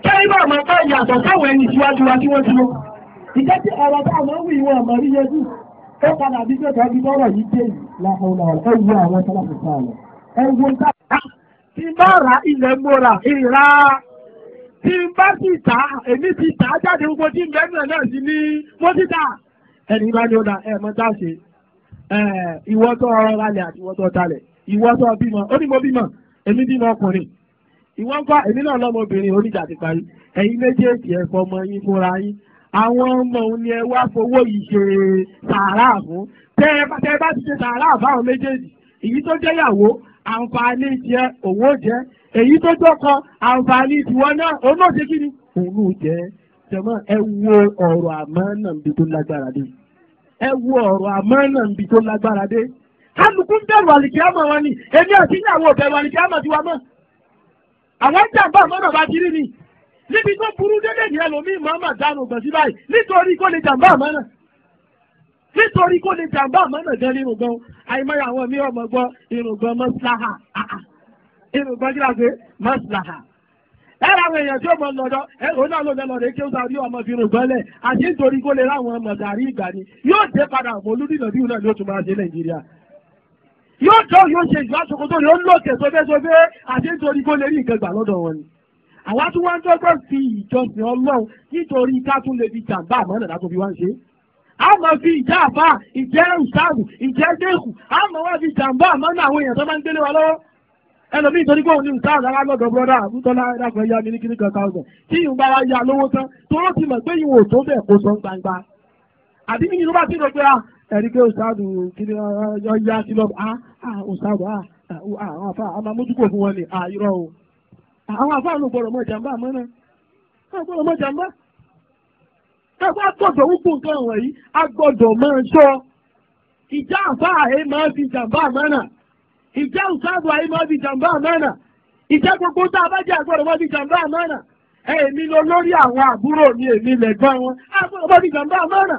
Kẹ́yìn bá máa fẹ́ yàtọ̀ sáwọn ẹni síwájú wa tí wọ́n ti lọ. Ìjẹ́ tí ọ̀rọ̀ tá àwọn wù ìwọ̀n àmọ́ rí yẹjú. Ó padà bí jẹ́ tọ́jú bọ́rọ̀ yìí dé yìí. Láhùn ọ̀rọ̀ ẹ àwọn tọ́lá tí n bá sì tà èmi ti tà á jáde gbogbo tí n bẹ́ẹ̀ náà náà sí ní mo ti tà ẹni bá ní ó da ẹ mọ tá a ṣe ìwọ tó ọrọ lálẹ́ àti ìwọ tó talẹ̀ ìwọ tó bímọ ó ní mo bímọ èmi bímọ ọkùnrin ìwọ ń kọ́ èmi náà lọ́mọbìnrin oníjà ti parí ẹ̀yin méjèèjì ẹ fọmọ yín fúnra yín àwọn ọmọ òun ni ẹ wá fowó yìí ṣe sàárà fún tẹ ẹ bá ti ṣe sàárà fáwọn méjèèjì èyí tó jẹ́yàwó àǹfààní jẹ òwò jẹ èyí tó jọkọ àǹfààní ìtìwọ́ náà òun náà ṣe kí ni. òun ló jẹ́ jẹ̀mọ́ ẹ wo ọ̀rọ̀ àmánà níbi tó lágbára dé ẹ wo ọ̀rọ̀ àmánà níbi tó lágbára dé kálukú ń bẹ̀rù àlìkíyàmọ̀ wọn ni èmi àti ìyàwó ọ̀bẹ̀rù àlìkíyàmọ̀ tiwa mọ́ àwọn jàǹbá àmánà bá ti rí ni níbi tó burú délé ní ẹlòmíì mọ́mọ́ dànù gbèsè báyìí nítorí kó lè jàǹbá àmánà nítorí kó lè jàǹbá àmánà gan ní irùngbọ̀n àìmọye àwọn irun gbọ́njúlá ṣe maslaha. ẹ̀rọ àwọn èèyàn tí ó mọ lọ́dọ̀ ẹ̀rọ náà ló lọ́dọ̀ rẹ̀ kí ó sáré ọmọ fi rùn gbọ́nlẹ̀ àti nítorí kó lè ráwọn ọmọ sàárì ìgbà ni yóò dé padà mọ́ olúdìdọ̀dí náà ló tún máa ṣe nàìjíríà. yóò tó yóò ṣe ìjọ aṣokoto ni ó ń lòkè sófésófé àti nítorí kó lè rí nǹkan gbà lọ́dọ̀ wọn ni. àwa tí wọ́n ń dọ́gbọ́n fi ìjọsìn ọlọ́run nítorí ká tún lè fi jàǹbá àmọ́ nàdá tó fi wá ń ṣe a máa fi ìjà àbá ìjẹ́ ìsáàbù ìjẹ́ déhù a máa wá fi jàǹbá àmọ́ ní àwọn èèyàn tó máa ń délé wa lọ́wọ́ ẹlòmíì torí pé òun ní nǹkan àgbà lọ́dọ̀ brọ́dà nítorí àdàkùn ẹ̀yà mi ní kíní kan thousand tí ìyún bá wá ya lówó tán tóró ti mọ̀ pé ìyún ò tó bẹ̀ kó sọ gbangba àbí nínú ló bá ti rò pé à ah, ẹ̀rí pé òṣàdù kíní ọjọ́ ah, ah, ya sí lọ́bù à à òṣàdù à àwọn àfa àmà mójúkò fún wọn ni à irọ́ o àwọn àfa ló gbọ́dọ̀ mọ jàmbá àmọ́ náà gbọ́dọ̀ mọ jàmbá ẹ̀fọ́ àgbọ̀dọ̀ wúkú nǹkan wọ̀nyí àgbọ̀dọ̀ máa ń sọ ìjà àfa àyè máa ń fi jàmbá àmọ́ náà ìjẹ́ òṣàbò àìmọ́ di jàǹbá àmánà ìjẹ́ gbogbo tá a bá jẹ́ àgbọ̀rọ̀ mọ́ di jàǹbá èmi lọ lórí àwọn àbúrò mi èmi lẹ́gbọ́n wọn àgbọ̀rọ̀ mọ́ di jàǹbá àmánà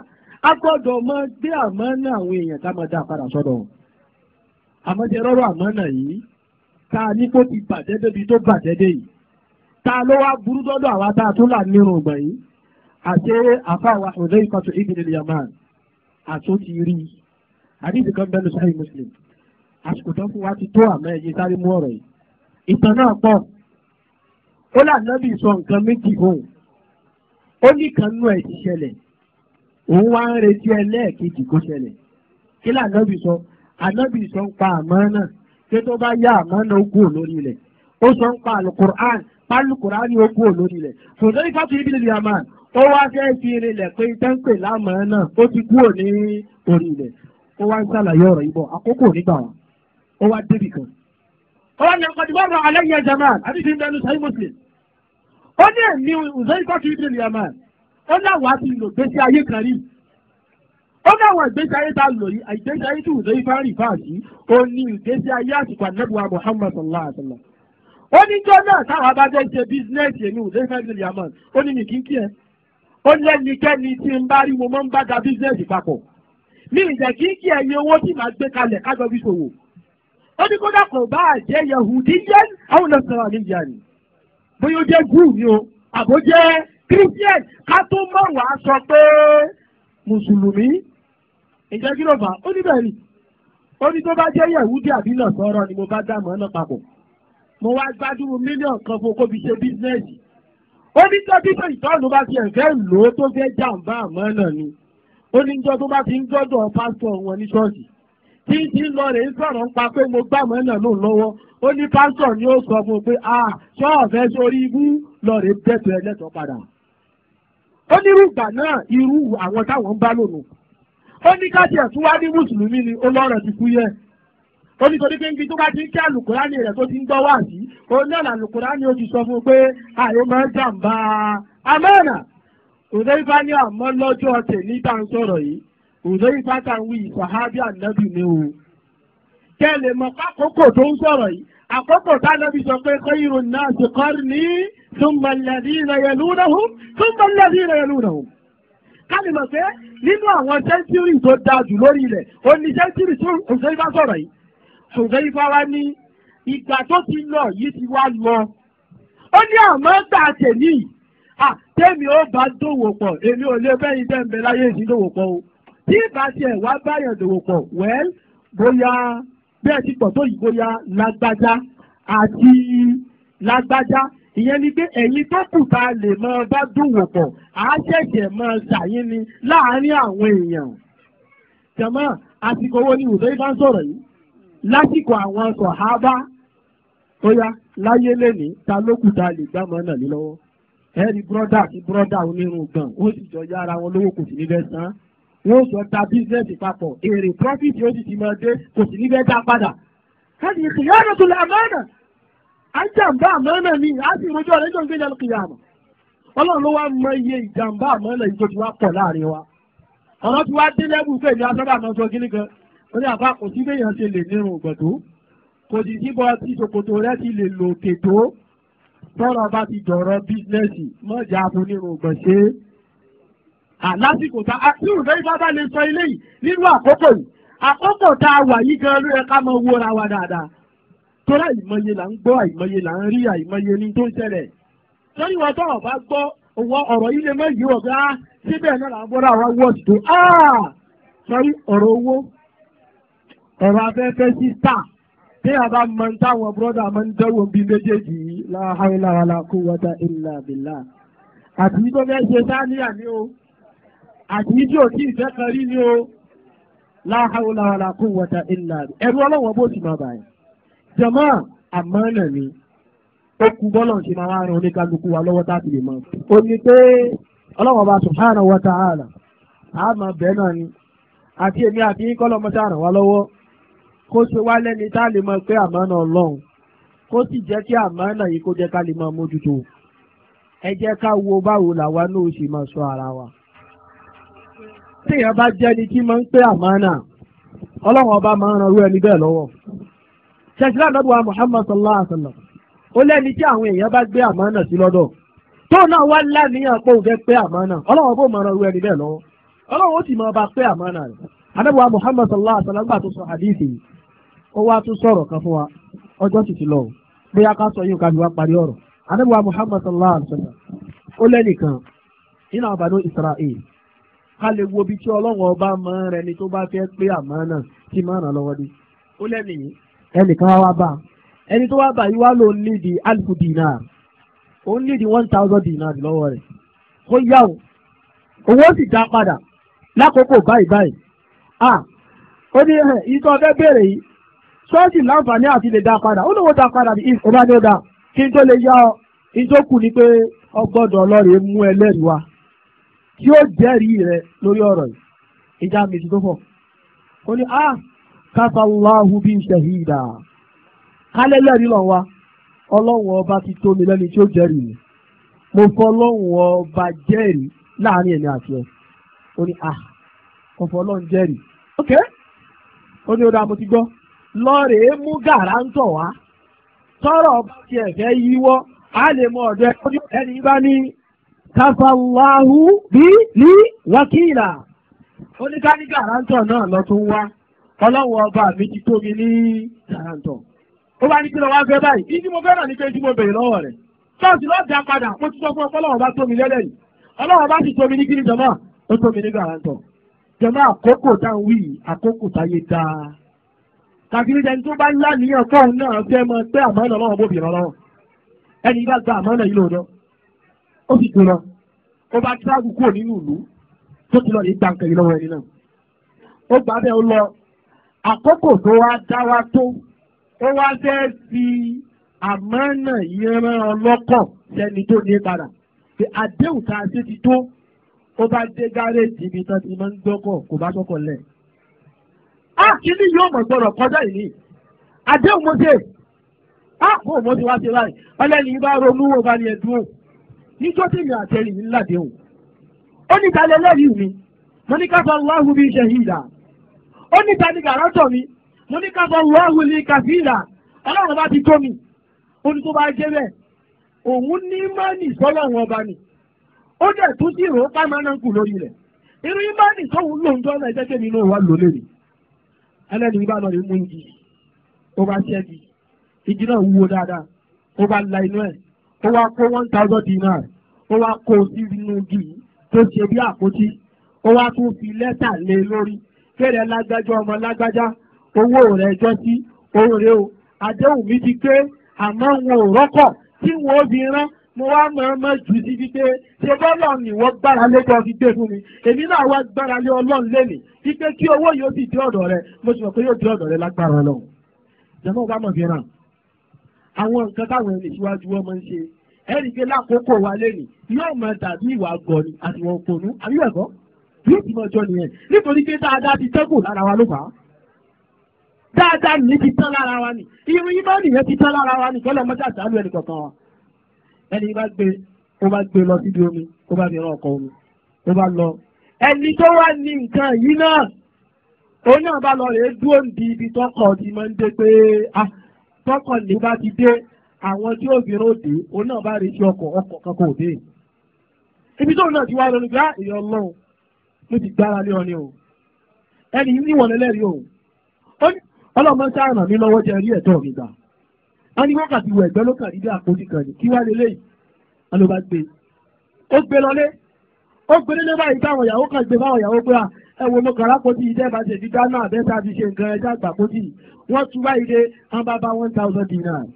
agbọ́dọ̀ mọ gbé àmánà àwọn èèyàn ká máa dá padà sọ́dọ̀ wọn. àmọ́ jẹ́ rọ́rọ́ àmánà yìí ká ní kó ti bàjẹ́ débi ta ló wá burú dọ́dọ̀ àwa àsìkò tó fún wa ti tó àmọ́ ẹ̀yẹ sáré mú ọ̀rọ̀ yìí ìtàn náà pọ̀ ó là nábì sọ nǹkan méjì fóun ó ní kan nú ẹ̀ ti ṣẹlẹ̀ òun wá ń retí kó ṣẹlẹ̀ kí là nábì sọ ànábì sọ pa àmọ́ náà pé tó bá yá àmọ́ náà ó kú lórí ilẹ̀ ó sọ ń pa alukur'an ó lórí ilẹ̀ ibi ó wá fẹ́ fi pé tẹ́ńpẹ̀ lámọ̀ náà ó ti ní orí ilẹ̀ ó wá ń ṣàlàyé ọ̀rọ̀ yìí bọ̀ àkókò nígbà ó wá débì kan. ọwọ́ ni ọkọ̀ ìbọn rọ alẹ́ yẹn jaman àdìsí ń bẹnu sahih muslim. ó ní èmi òṣèré kọ́tù ibi ìlú yaman ó láwọn àti ìlò gbèsè ayé kan rí. ó láwọn ìgbésí ayé tá a lò yìí ìgbésí ayé tí òṣèré bá rìn fáàsì ó ní ìgbésí ayé àsìkò anábùwà muhammad sallallahu alaihi wa sallam. ó ní jọ́ náà táwọn abájọ́ ṣe bísínẹ́sì èmi òṣèré bá rìn yaman ó ní mi kí n kí ẹ ó ní kódà kò bá jẹ́ yahudi yẹn àwọn nasara níyà ni bóyá ó jẹ́ Júù ni o àbó jẹ́ christian ká tó mọ̀ wá sọ pé mùsùlùmí ìjẹ́ kí ló fà ó ní bẹ́ẹ̀ ni ó ní tó bá jẹ́ yahudi àbí nasara ni mo bá dá mọ́ náà papọ̀ mo wá gbádùn mílíọ̀n kan fún kóbi ṣe bísínẹ́sì ó ní tọ́jú tó ìtọ́nù bá ti ẹ̀fẹ́ lò ó tó fẹ́ jàǹbá àmọ́ náà ni ó ní tó bá ti ń gbọ́dọ̀ pásítọ̀ wọn ní ṣọ́ọ̀ṣì tí tí lọ rè ń sọ̀rọ̀ ń pa pé mo gbà mọ́ ẹ̀nà lòun lọ́wọ́ ó ní pásítọ̀ ni ó sọ fún un pé a ṣọ́ọ̀fẹ́ sórí ibú lọ rè bẹ̀tọ̀ ẹlẹ́tọ̀ padà. ó ní náà irú àwọn táwọn ń bá ó ní ká tiẹ̀ tún wá ní mùsùlùmí kú yẹ ó ní torí pé tó bá ti ń kí rẹ̀ tó ti ń gbọ́ wá sí òun náà ó ti sọ fún un pé àyè máa ń jàǹbá òlóyìn pátá ń wí ìsàhábí ànábì ni o. kẹ́ ẹ lè mọ pákókò tó ń sọ̀rọ̀ yìí àkókò tánábì sọ pé khayrun nasi qarni thumma alladhina yalunahum thumma alladhina yalunahum. kálí mọ̀ pé nínú àwọn sẹ́ńtírì tó dáa jù lórí ilẹ̀ ó ní sẹ́ńtírì tó òṣèlú bá sọ̀rọ̀ yìí òṣèlú bá wá ìgbà tó ti lọ yìí ti wá lọ. ó ní àmọ́ gbà tèmi tèmi ó bá dòwò pọ̀ èmi ò lè bẹ́yìn dẹ́ǹbẹ̀ láyé ìsíndòwò pọ̀ o tí ìbá tiẹ̀ wá báyọ̀ dòwò pọ̀ wẹ́l bóyá bẹ́ẹ̀ ti pọ̀ tó yìí bóyá lágbájá àti lágbájá ìyẹn ni pé ẹ̀yin tó kù tá a lè máa bá dòwò pọ̀ á ṣẹ̀ṣẹ̀ máa ṣàyín ni láàárín àwọn èèyàn. jàmọ́ àsìkò wo ni ìwòsàn yìí bá ń sọ̀rọ̀ yìí lásìkò àwọn sọ̀hábà bóyá láyé lẹ́ni ta ló kù tá lè gbá mọ́ náà lé lọ́wọ́ ẹ̀rí búrọ́dà àti búrọ́dà onírun gan ó sì jọ yára wọn lówó kò sí ní bẹ́ẹ̀ san án wọ́n sọ ta bísíǹsì papọ̀ èrè pírọ́fìtì ó sì ti máa dé kò sì níbẹ̀ dá padà. káàdì ìkìyàrá tó lè àmọ́nà á àmọ́nà ni á sì rojú ọ̀rẹ́ jọ̀ ń gbéjà lókìyàmù. ọlọ́run ló wá mọ iye ìjàǹbá àmọ́nà yìí tó ti wá pọ̀ láàrin wa. ọ̀rọ̀ ti wá dé lẹ́bù pé ní asábà máa sọ kíní kan ó ní àbá kò sí béèyàn ṣe lè nírun ògbọ̀dó kò sì síbọ̀ tí ṣòkòtò rẹ̀ ti lè lò kètò tọ́rọ̀ bá ti dọ̀rọ̀ bísínẹ́sì mọ́jà nírun ògbọ̀ṣe lásìkò tá a tí òṣèré bá bá lè sọ eléyìí nínú àkókò yìí àkókò tá a wà yìí gan ló yẹ ká mọ owó ra wa dáadáa torí àìmọye là ń gbọ́ àìmọye là ń rí àìmọye ní tó ń ṣẹlẹ̀ torí wọn tó ọba gbọ́ owó ọ̀rọ̀ yìí lè mọ ìyí ọ̀gá ah, síbẹ̀ náà là ń bọ́ra àwọn wọ́ọ̀sì tó sọrí ah! ọ̀rọ̀ owó ọ̀rọ̀ afẹ́fẹ́ sí tí a bá mọ táwọn bọ́dà máa ń dẹ́wọ̀ bí méjèèjì yìí la hawla wala quwwata illa billah àti tó fẹ́ ṣe sáníyà ni o àti ní tí ò tí ìfẹ́ kan rí ni o láhàúlà àlàkù wọ̀tà ìlà ẹ̀rú ọlọ́wọ́ bó sì máa bàyẹ̀. jọ̀mọ́ àmọ́ nà ni ó kú bọ́lọ̀ ṣe máa wá ran oníkálukú wa lọ́wọ́ táàbì lè mọ́. ó ní pé ọlọ́wọ́ bá subhanahu wa ta'ala a máa bẹ́ẹ̀ náà ni àti èmi àti yín kọ́lọ́ mọ́ṣá ràn wá lọ́wọ́ kó ṣe wá lẹ́ni tá a lè mọ̀ pé àmọ́ náà ọlọ́run kó sì jẹ́ kí àmọ́ náà yìí kó jẹ́ ká lè máa mójútó ẹ jẹ́ ká wo báwo làwa náà ó ṣe máa sọ ara wa. téèyàn bá jẹ́ ni kí máa ń pé ọba máa ń ran ẹni bẹ́ẹ̀ lọ́wọ́ wa Muhammad sallallahu alayhi wa sallam ó lẹ́ni tí àwọn èèyàn bá gbé àmánà sí lọ́dọ̀ tó náà wá láníyàn pé òun fẹ́ pé àmánà ọlọ́run ọba máa ń ẹni bẹ́ẹ̀ lọ́wọ́ ọlọ́run ó sì máa bá pé rẹ̀ Muhammad sallallahu alayhi wa sallam gbà tó sọ ó wá sọ̀rọ̀ kan ká lè wo ibi tí ọlọ́run ọba máa ẹni tó bá fẹ́ pé àmọ́ náà tí máa ràn lọ́wọ́ dé. ó lẹ́nìí ẹnìkan wá bá ẹni tó wá bá yìí wá ló ní di alifu dinar ó ní di one thousand lọ́wọ́ rẹ̀ ó yá o owó sì dá padà lákòókò báyìí báyìí ó ní ìtọ́ béèrè yìí láǹfààní àti lè dá padà ó lówó dá padà kí n tó o jẹ́rìí rẹ lórí ọ̀rọ̀ yìí ìjà méjì tó pọ̀ ó ní a ah, káfa n bí ṣahida kálẹ̀ lẹ́rìí lọ́n wa ọlọ́run ọba ti tó mi lẹ́ni tí ó jẹ́rìí mi mo ọlọ́run ọba jẹ́rìí láàrin àti ní a ah, kò ọlọ́run jẹ́rìí ok ó ní ọ̀dà mo ti gbọ́ lọ́ọ̀rẹ́ mú gàrà ń tọ̀ wá a lè mọ kafàláhù ni ní wákìlà oníkáníkà rántọ̀ náà lọ tún wá ọlọ́wọ́ ọba mi ti tó mi ní rántọ̀ ó bá ní kí lọ wá fẹ́ báyìí kí tí mo fẹ́ rà ní pé tí mo bèrè lọ́wọ́ rẹ̀ ṣọ́ọ̀ṣì lọ́ọ̀ dá padà mo ti sọ fún ọpọlọ́wọ́ bá tó mi lẹ́lẹ̀ yìí ọlọ́wọ́ tó mi ni jọmọ́ ó tó mi ní jọmọ́ àkókò wí mọ pé àmọ́ ọlọ́wọ́ ó sì dùn náà ó bá tíráàgù kúrò nínú ìlú tó ti lọ lè gba nǹkan yìí lọ́wọ́ ẹni náà. ó gbà bẹ́ẹ̀ ó lọ àkókò tó wá dá wa tó ó wá fẹ́ fi àmánà yẹran ọlọ́kọ̀ sẹ́ni tó ní padà pé àdéhùn tá a ṣe ti tó ó bá dé gáréèjì ibi tán ti máa ń gbọ́kọ̀ kò bá sọ́kọ̀ lẹ̀. á kí yóò mọ̀ gbọ́dọ̀ kọjá ìní àdéhùn mo ṣe á kó mo ti wá ṣe báyìí ọlẹ́ni bá ronú wo bá ní ẹ̀dúró níjọ́ tí mi àtẹ̀rì mi ládéhùn ó ní ta lẹ́lẹ́rìí mi mo ní ká fọ Allahu bí ṣahida ó ní ta ni gàrọ́tọ̀ mi mo ní ká fọ Allahu li kafila ọlọ́run bá ti tó mi ó ní tó bá jẹ́ bẹ́ẹ̀ òun ní mánì sọ́lọ́run ọba ni ó dẹ̀ tún sí ìrò ká máa ń kù lórí rẹ̀ irú mánì sọ́hun lòun tó ọ̀nà ìjẹ́jẹ́ mi náà wà ló lè rí ẹlẹ́ni bá lọ rí mú igi ó bá ṣẹ́gi igi náà wúwo dáadáa ó bá la inú ẹ̀ ó wá kó one thousand dinar ó wá kó o sí inú igi tó ṣe bí àpótí ó wá tún fi lẹ́tà lé e lórí kéde lágbájá ọmọ lágbájá owó rẹ̀ jọ sí owó rẹ̀ o àdéhùn mi ti pé àmọ́ wọn ò rọ́kọ̀ tí wọn ò fi rán mo wá mọ̀ọ́mọ̀ jù sí wípé ṣe bọ́lọ̀ ni wọ́n gbára lé kọ́ fi dé fún mi èmi náà wá gbára lé ọlọ́run lẹ́nì wípé kí owó yóò sì dé ọ̀dọ̀ rẹ mo sì mọ̀ pé yóò dé ọ̀dọ̀ rẹ lágbára ọlọ́run. ìjọba ọba mọ̀ fi ràn àwọn nǹkan táwọn ẹni ìṣíwájú wọn máa ń ṣe ẹnì pé lákòókò wa lẹ́nu yóò máa dàbí ìwà gọ̀ọ̀nì àti ìwà òpònú àbíwẹ̀kọ́ yóò ti máa jọ nìyẹn nítorí pé dáadáa ti tẹ́kù lára wa ló fà á dáadáa nìyí ti tán lára wa nì irun yìí bá nìyẹn ti tán lára wa nì kọ́lọ́ mọ́tà sàánú ẹnì kọ̀ọ̀kan wa ẹni bá gbé ó bá gbé lọ síbi omi ó bá fi rán ọkọ̀ omi ó bá lọ ẹni tó wá ní nǹkan yìí náà òun náà bá lọ rèé dúró níbi ibi tọkọ̀ ti máa ń dé pé ah tọkàn ní bá ti dé àwọn tí obìnrin òde òun náà bá retí ọkọ̀ ọkọ̀ kankan òde. ibi tóun náà ti wá lọ nígbà èyí ah, ọlọ́run ló ti gbára lé ọ o ẹni níwọ̀n lẹ́lẹ́rìí o ọlọ́mọ sáànà mi lọ́wọ́ jẹ́ rí ẹ̀tọ́ mi gbà á ní wákàtí wọ ẹ̀gbẹ́ ló kàn níbi àpótí kan ní kí wá lélẹ̀ yìí á ló bá gbé ó gbé lọlé ó gbé lélé báyìí báwọn ìyàwó kan gbé báwọn ìyàwó gbé ah, ẹ wo mo kàrá kó tí ìjẹ́ bá ṣe fi dáná àbẹ́sà fi ṣe nǹkan ẹja àgbà kó wọ́n tún wá bá bá one thousand dinar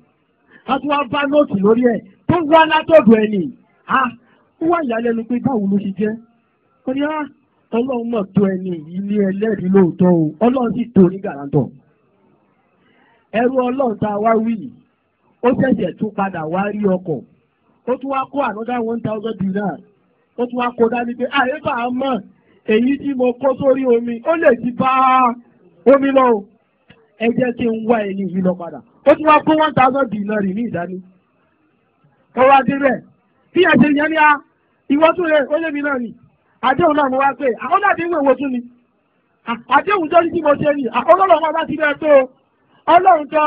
A tún wá bá nóòtù lórí ẹ̀ tó wá látọ̀dọ̀ ẹni à ó wà ìyàlẹ́nu pé báwo ló ṣe jẹ́ ó ní ọlọ́run mọ̀ o ọlọ́run sì tó ní gàràǹtọ̀ ẹrú ọlọ́run tá a wá wí ó ṣẹ̀ṣẹ̀ tún padà wá one thousand ó tún wá kó dání pé mọ̀ èyí tí mo kọsorí sórí omi ó lè ti bá omi lọ o ẹ jẹ́ kí n wá ẹni yìí lọ padà ó ti wá one thousand dinari ní ìdání wá débẹ̀ bí ẹ̀ṣẹ̀ yẹn ní a ìwọ tún rẹ̀ ó náà ni àdéhùn náà mo wá pé àwọn ìwé ni àdéhùn tó ní tí mo ṣe ni ọlọ́run ọmọ ti bẹ́ẹ̀ tó ọlọ́run tó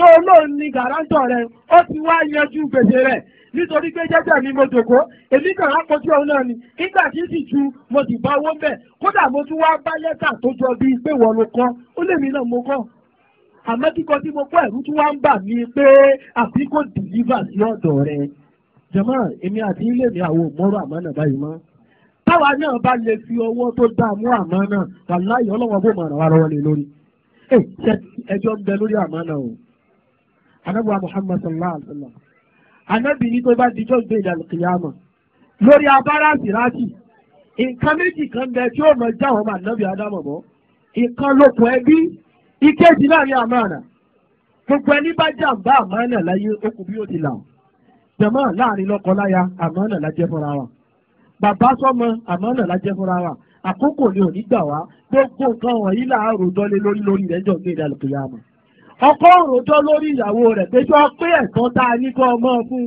tó olóòn ni gàrántọ̀ rẹ̀ ó ti wá yanjú gbèsè rẹ̀ nítorí pé jẹ́jẹ́ mi mo jòkó èmi kàn á kojú ọ̀hún náà ni nígbà tí sì ju mo sì bá owó bẹ̀ kódà mo tún wá bá lẹ́tà tó jọ bíi pé wọ́n ló kọ́ ó lèmi náà mo kọ́ àmọ́ kíkọ tí mo kọ́ ẹ̀rú tún wá ń bà mí pé àbí kò dìlíva sí ọ̀dọ̀ rẹ̀ jọ̀mọ́ èmi àti ilé mi àwọn òmọ́rọ̀ àmọ́ náà báyìí mọ́ táwa náà bá lè fi ọwọ́ tó dáa mú àmọ́ náà wàláyé ọlọ́wọ́ bó mọ̀ràn wa lọ́wọ́ lórí ẹjọ́ ń bẹ lórí àmọ́ náà o anábùwà muhammad sallallahu alayhi wa sallam anábì ní tó bá dijọ́ gbé ìdàlù kìyàmọ̀ lórí abára sìráàtì nǹkan méjì kan bẹ tí ó mọ já àwọn ọmọ anábì ádámọ̀ bọ́ nǹkan lókun ẹbí ìkejì náà ní àmàna gbogbo ẹni bá jàǹbá àmàna láyé okùn bí ó ti là jẹ̀mọ́ láàrin lọ́kọ-láya àmàna lájẹ́ fúnra wa bàbá sọ́mọ àmàna lájẹ́ fúnra wa àkókò ni ò ní gbà wá gbogbo nǹkan wọ̀nyí láàárọ̀ dọ́lé lórí lórí rẹ̀ jọ̀ gbé ìdàlù kìyàmọ̀ ọkọ òròjọ́ lórí ìyàwó rẹ̀ péjọ́ pé ẹ̀tọ́ tá a ní kó ọmọ fún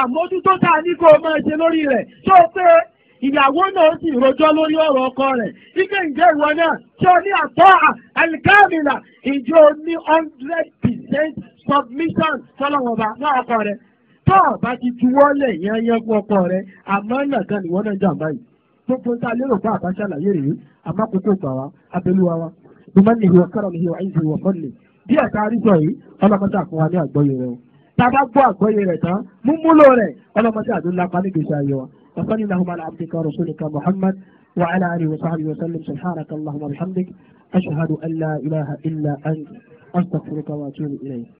àmójútó tá a ní kó ọmọ ṣe lórí rẹ̀ tó pé ìyàwó náà sì rojọ́ lórí ọ̀rọ̀ ọkọ rẹ̀ ike ǹjẹ́ ìwọ náà ṣé o ní àtọ́ àlìkámìlà ìjọ ní hundred percent submission sọ́lọ́wọ́n bá náà ọkọ rẹ̀ tó o bá ti juwọ́lẹ̀ yẹn yẹn fún ọkọ rẹ̀ àmọ́ nàkan ìwọ náà jàǹbá yìí gbogbo nta lérò fún àbáṣà làyè rèé àmọ́ kókó gbà wá abẹ́lú wa wa. bí wọ́n ní ìwọ kọ́ra mi ìwọ àìsàn ìwọ díẹ̀ tá a rí sọ yìí ọlọ́mọdé àkùnwá ní àgbọ́yé rẹ̀ o tá a bá gbọ́ àgbọ́yé rẹ̀ tán múmúlò rẹ̀ ọlọ́mọdé àdúrà pa ní gbèsè ayé wa ọ̀sán ní ilàhùn mọ́lá abdika rasulika muhammad wa ala alihi wa sahbihi wa sallim subhanaka allahumma bihamdik ashhadu an la ilaha illa ant astaghfiruka wa atubu ilayk.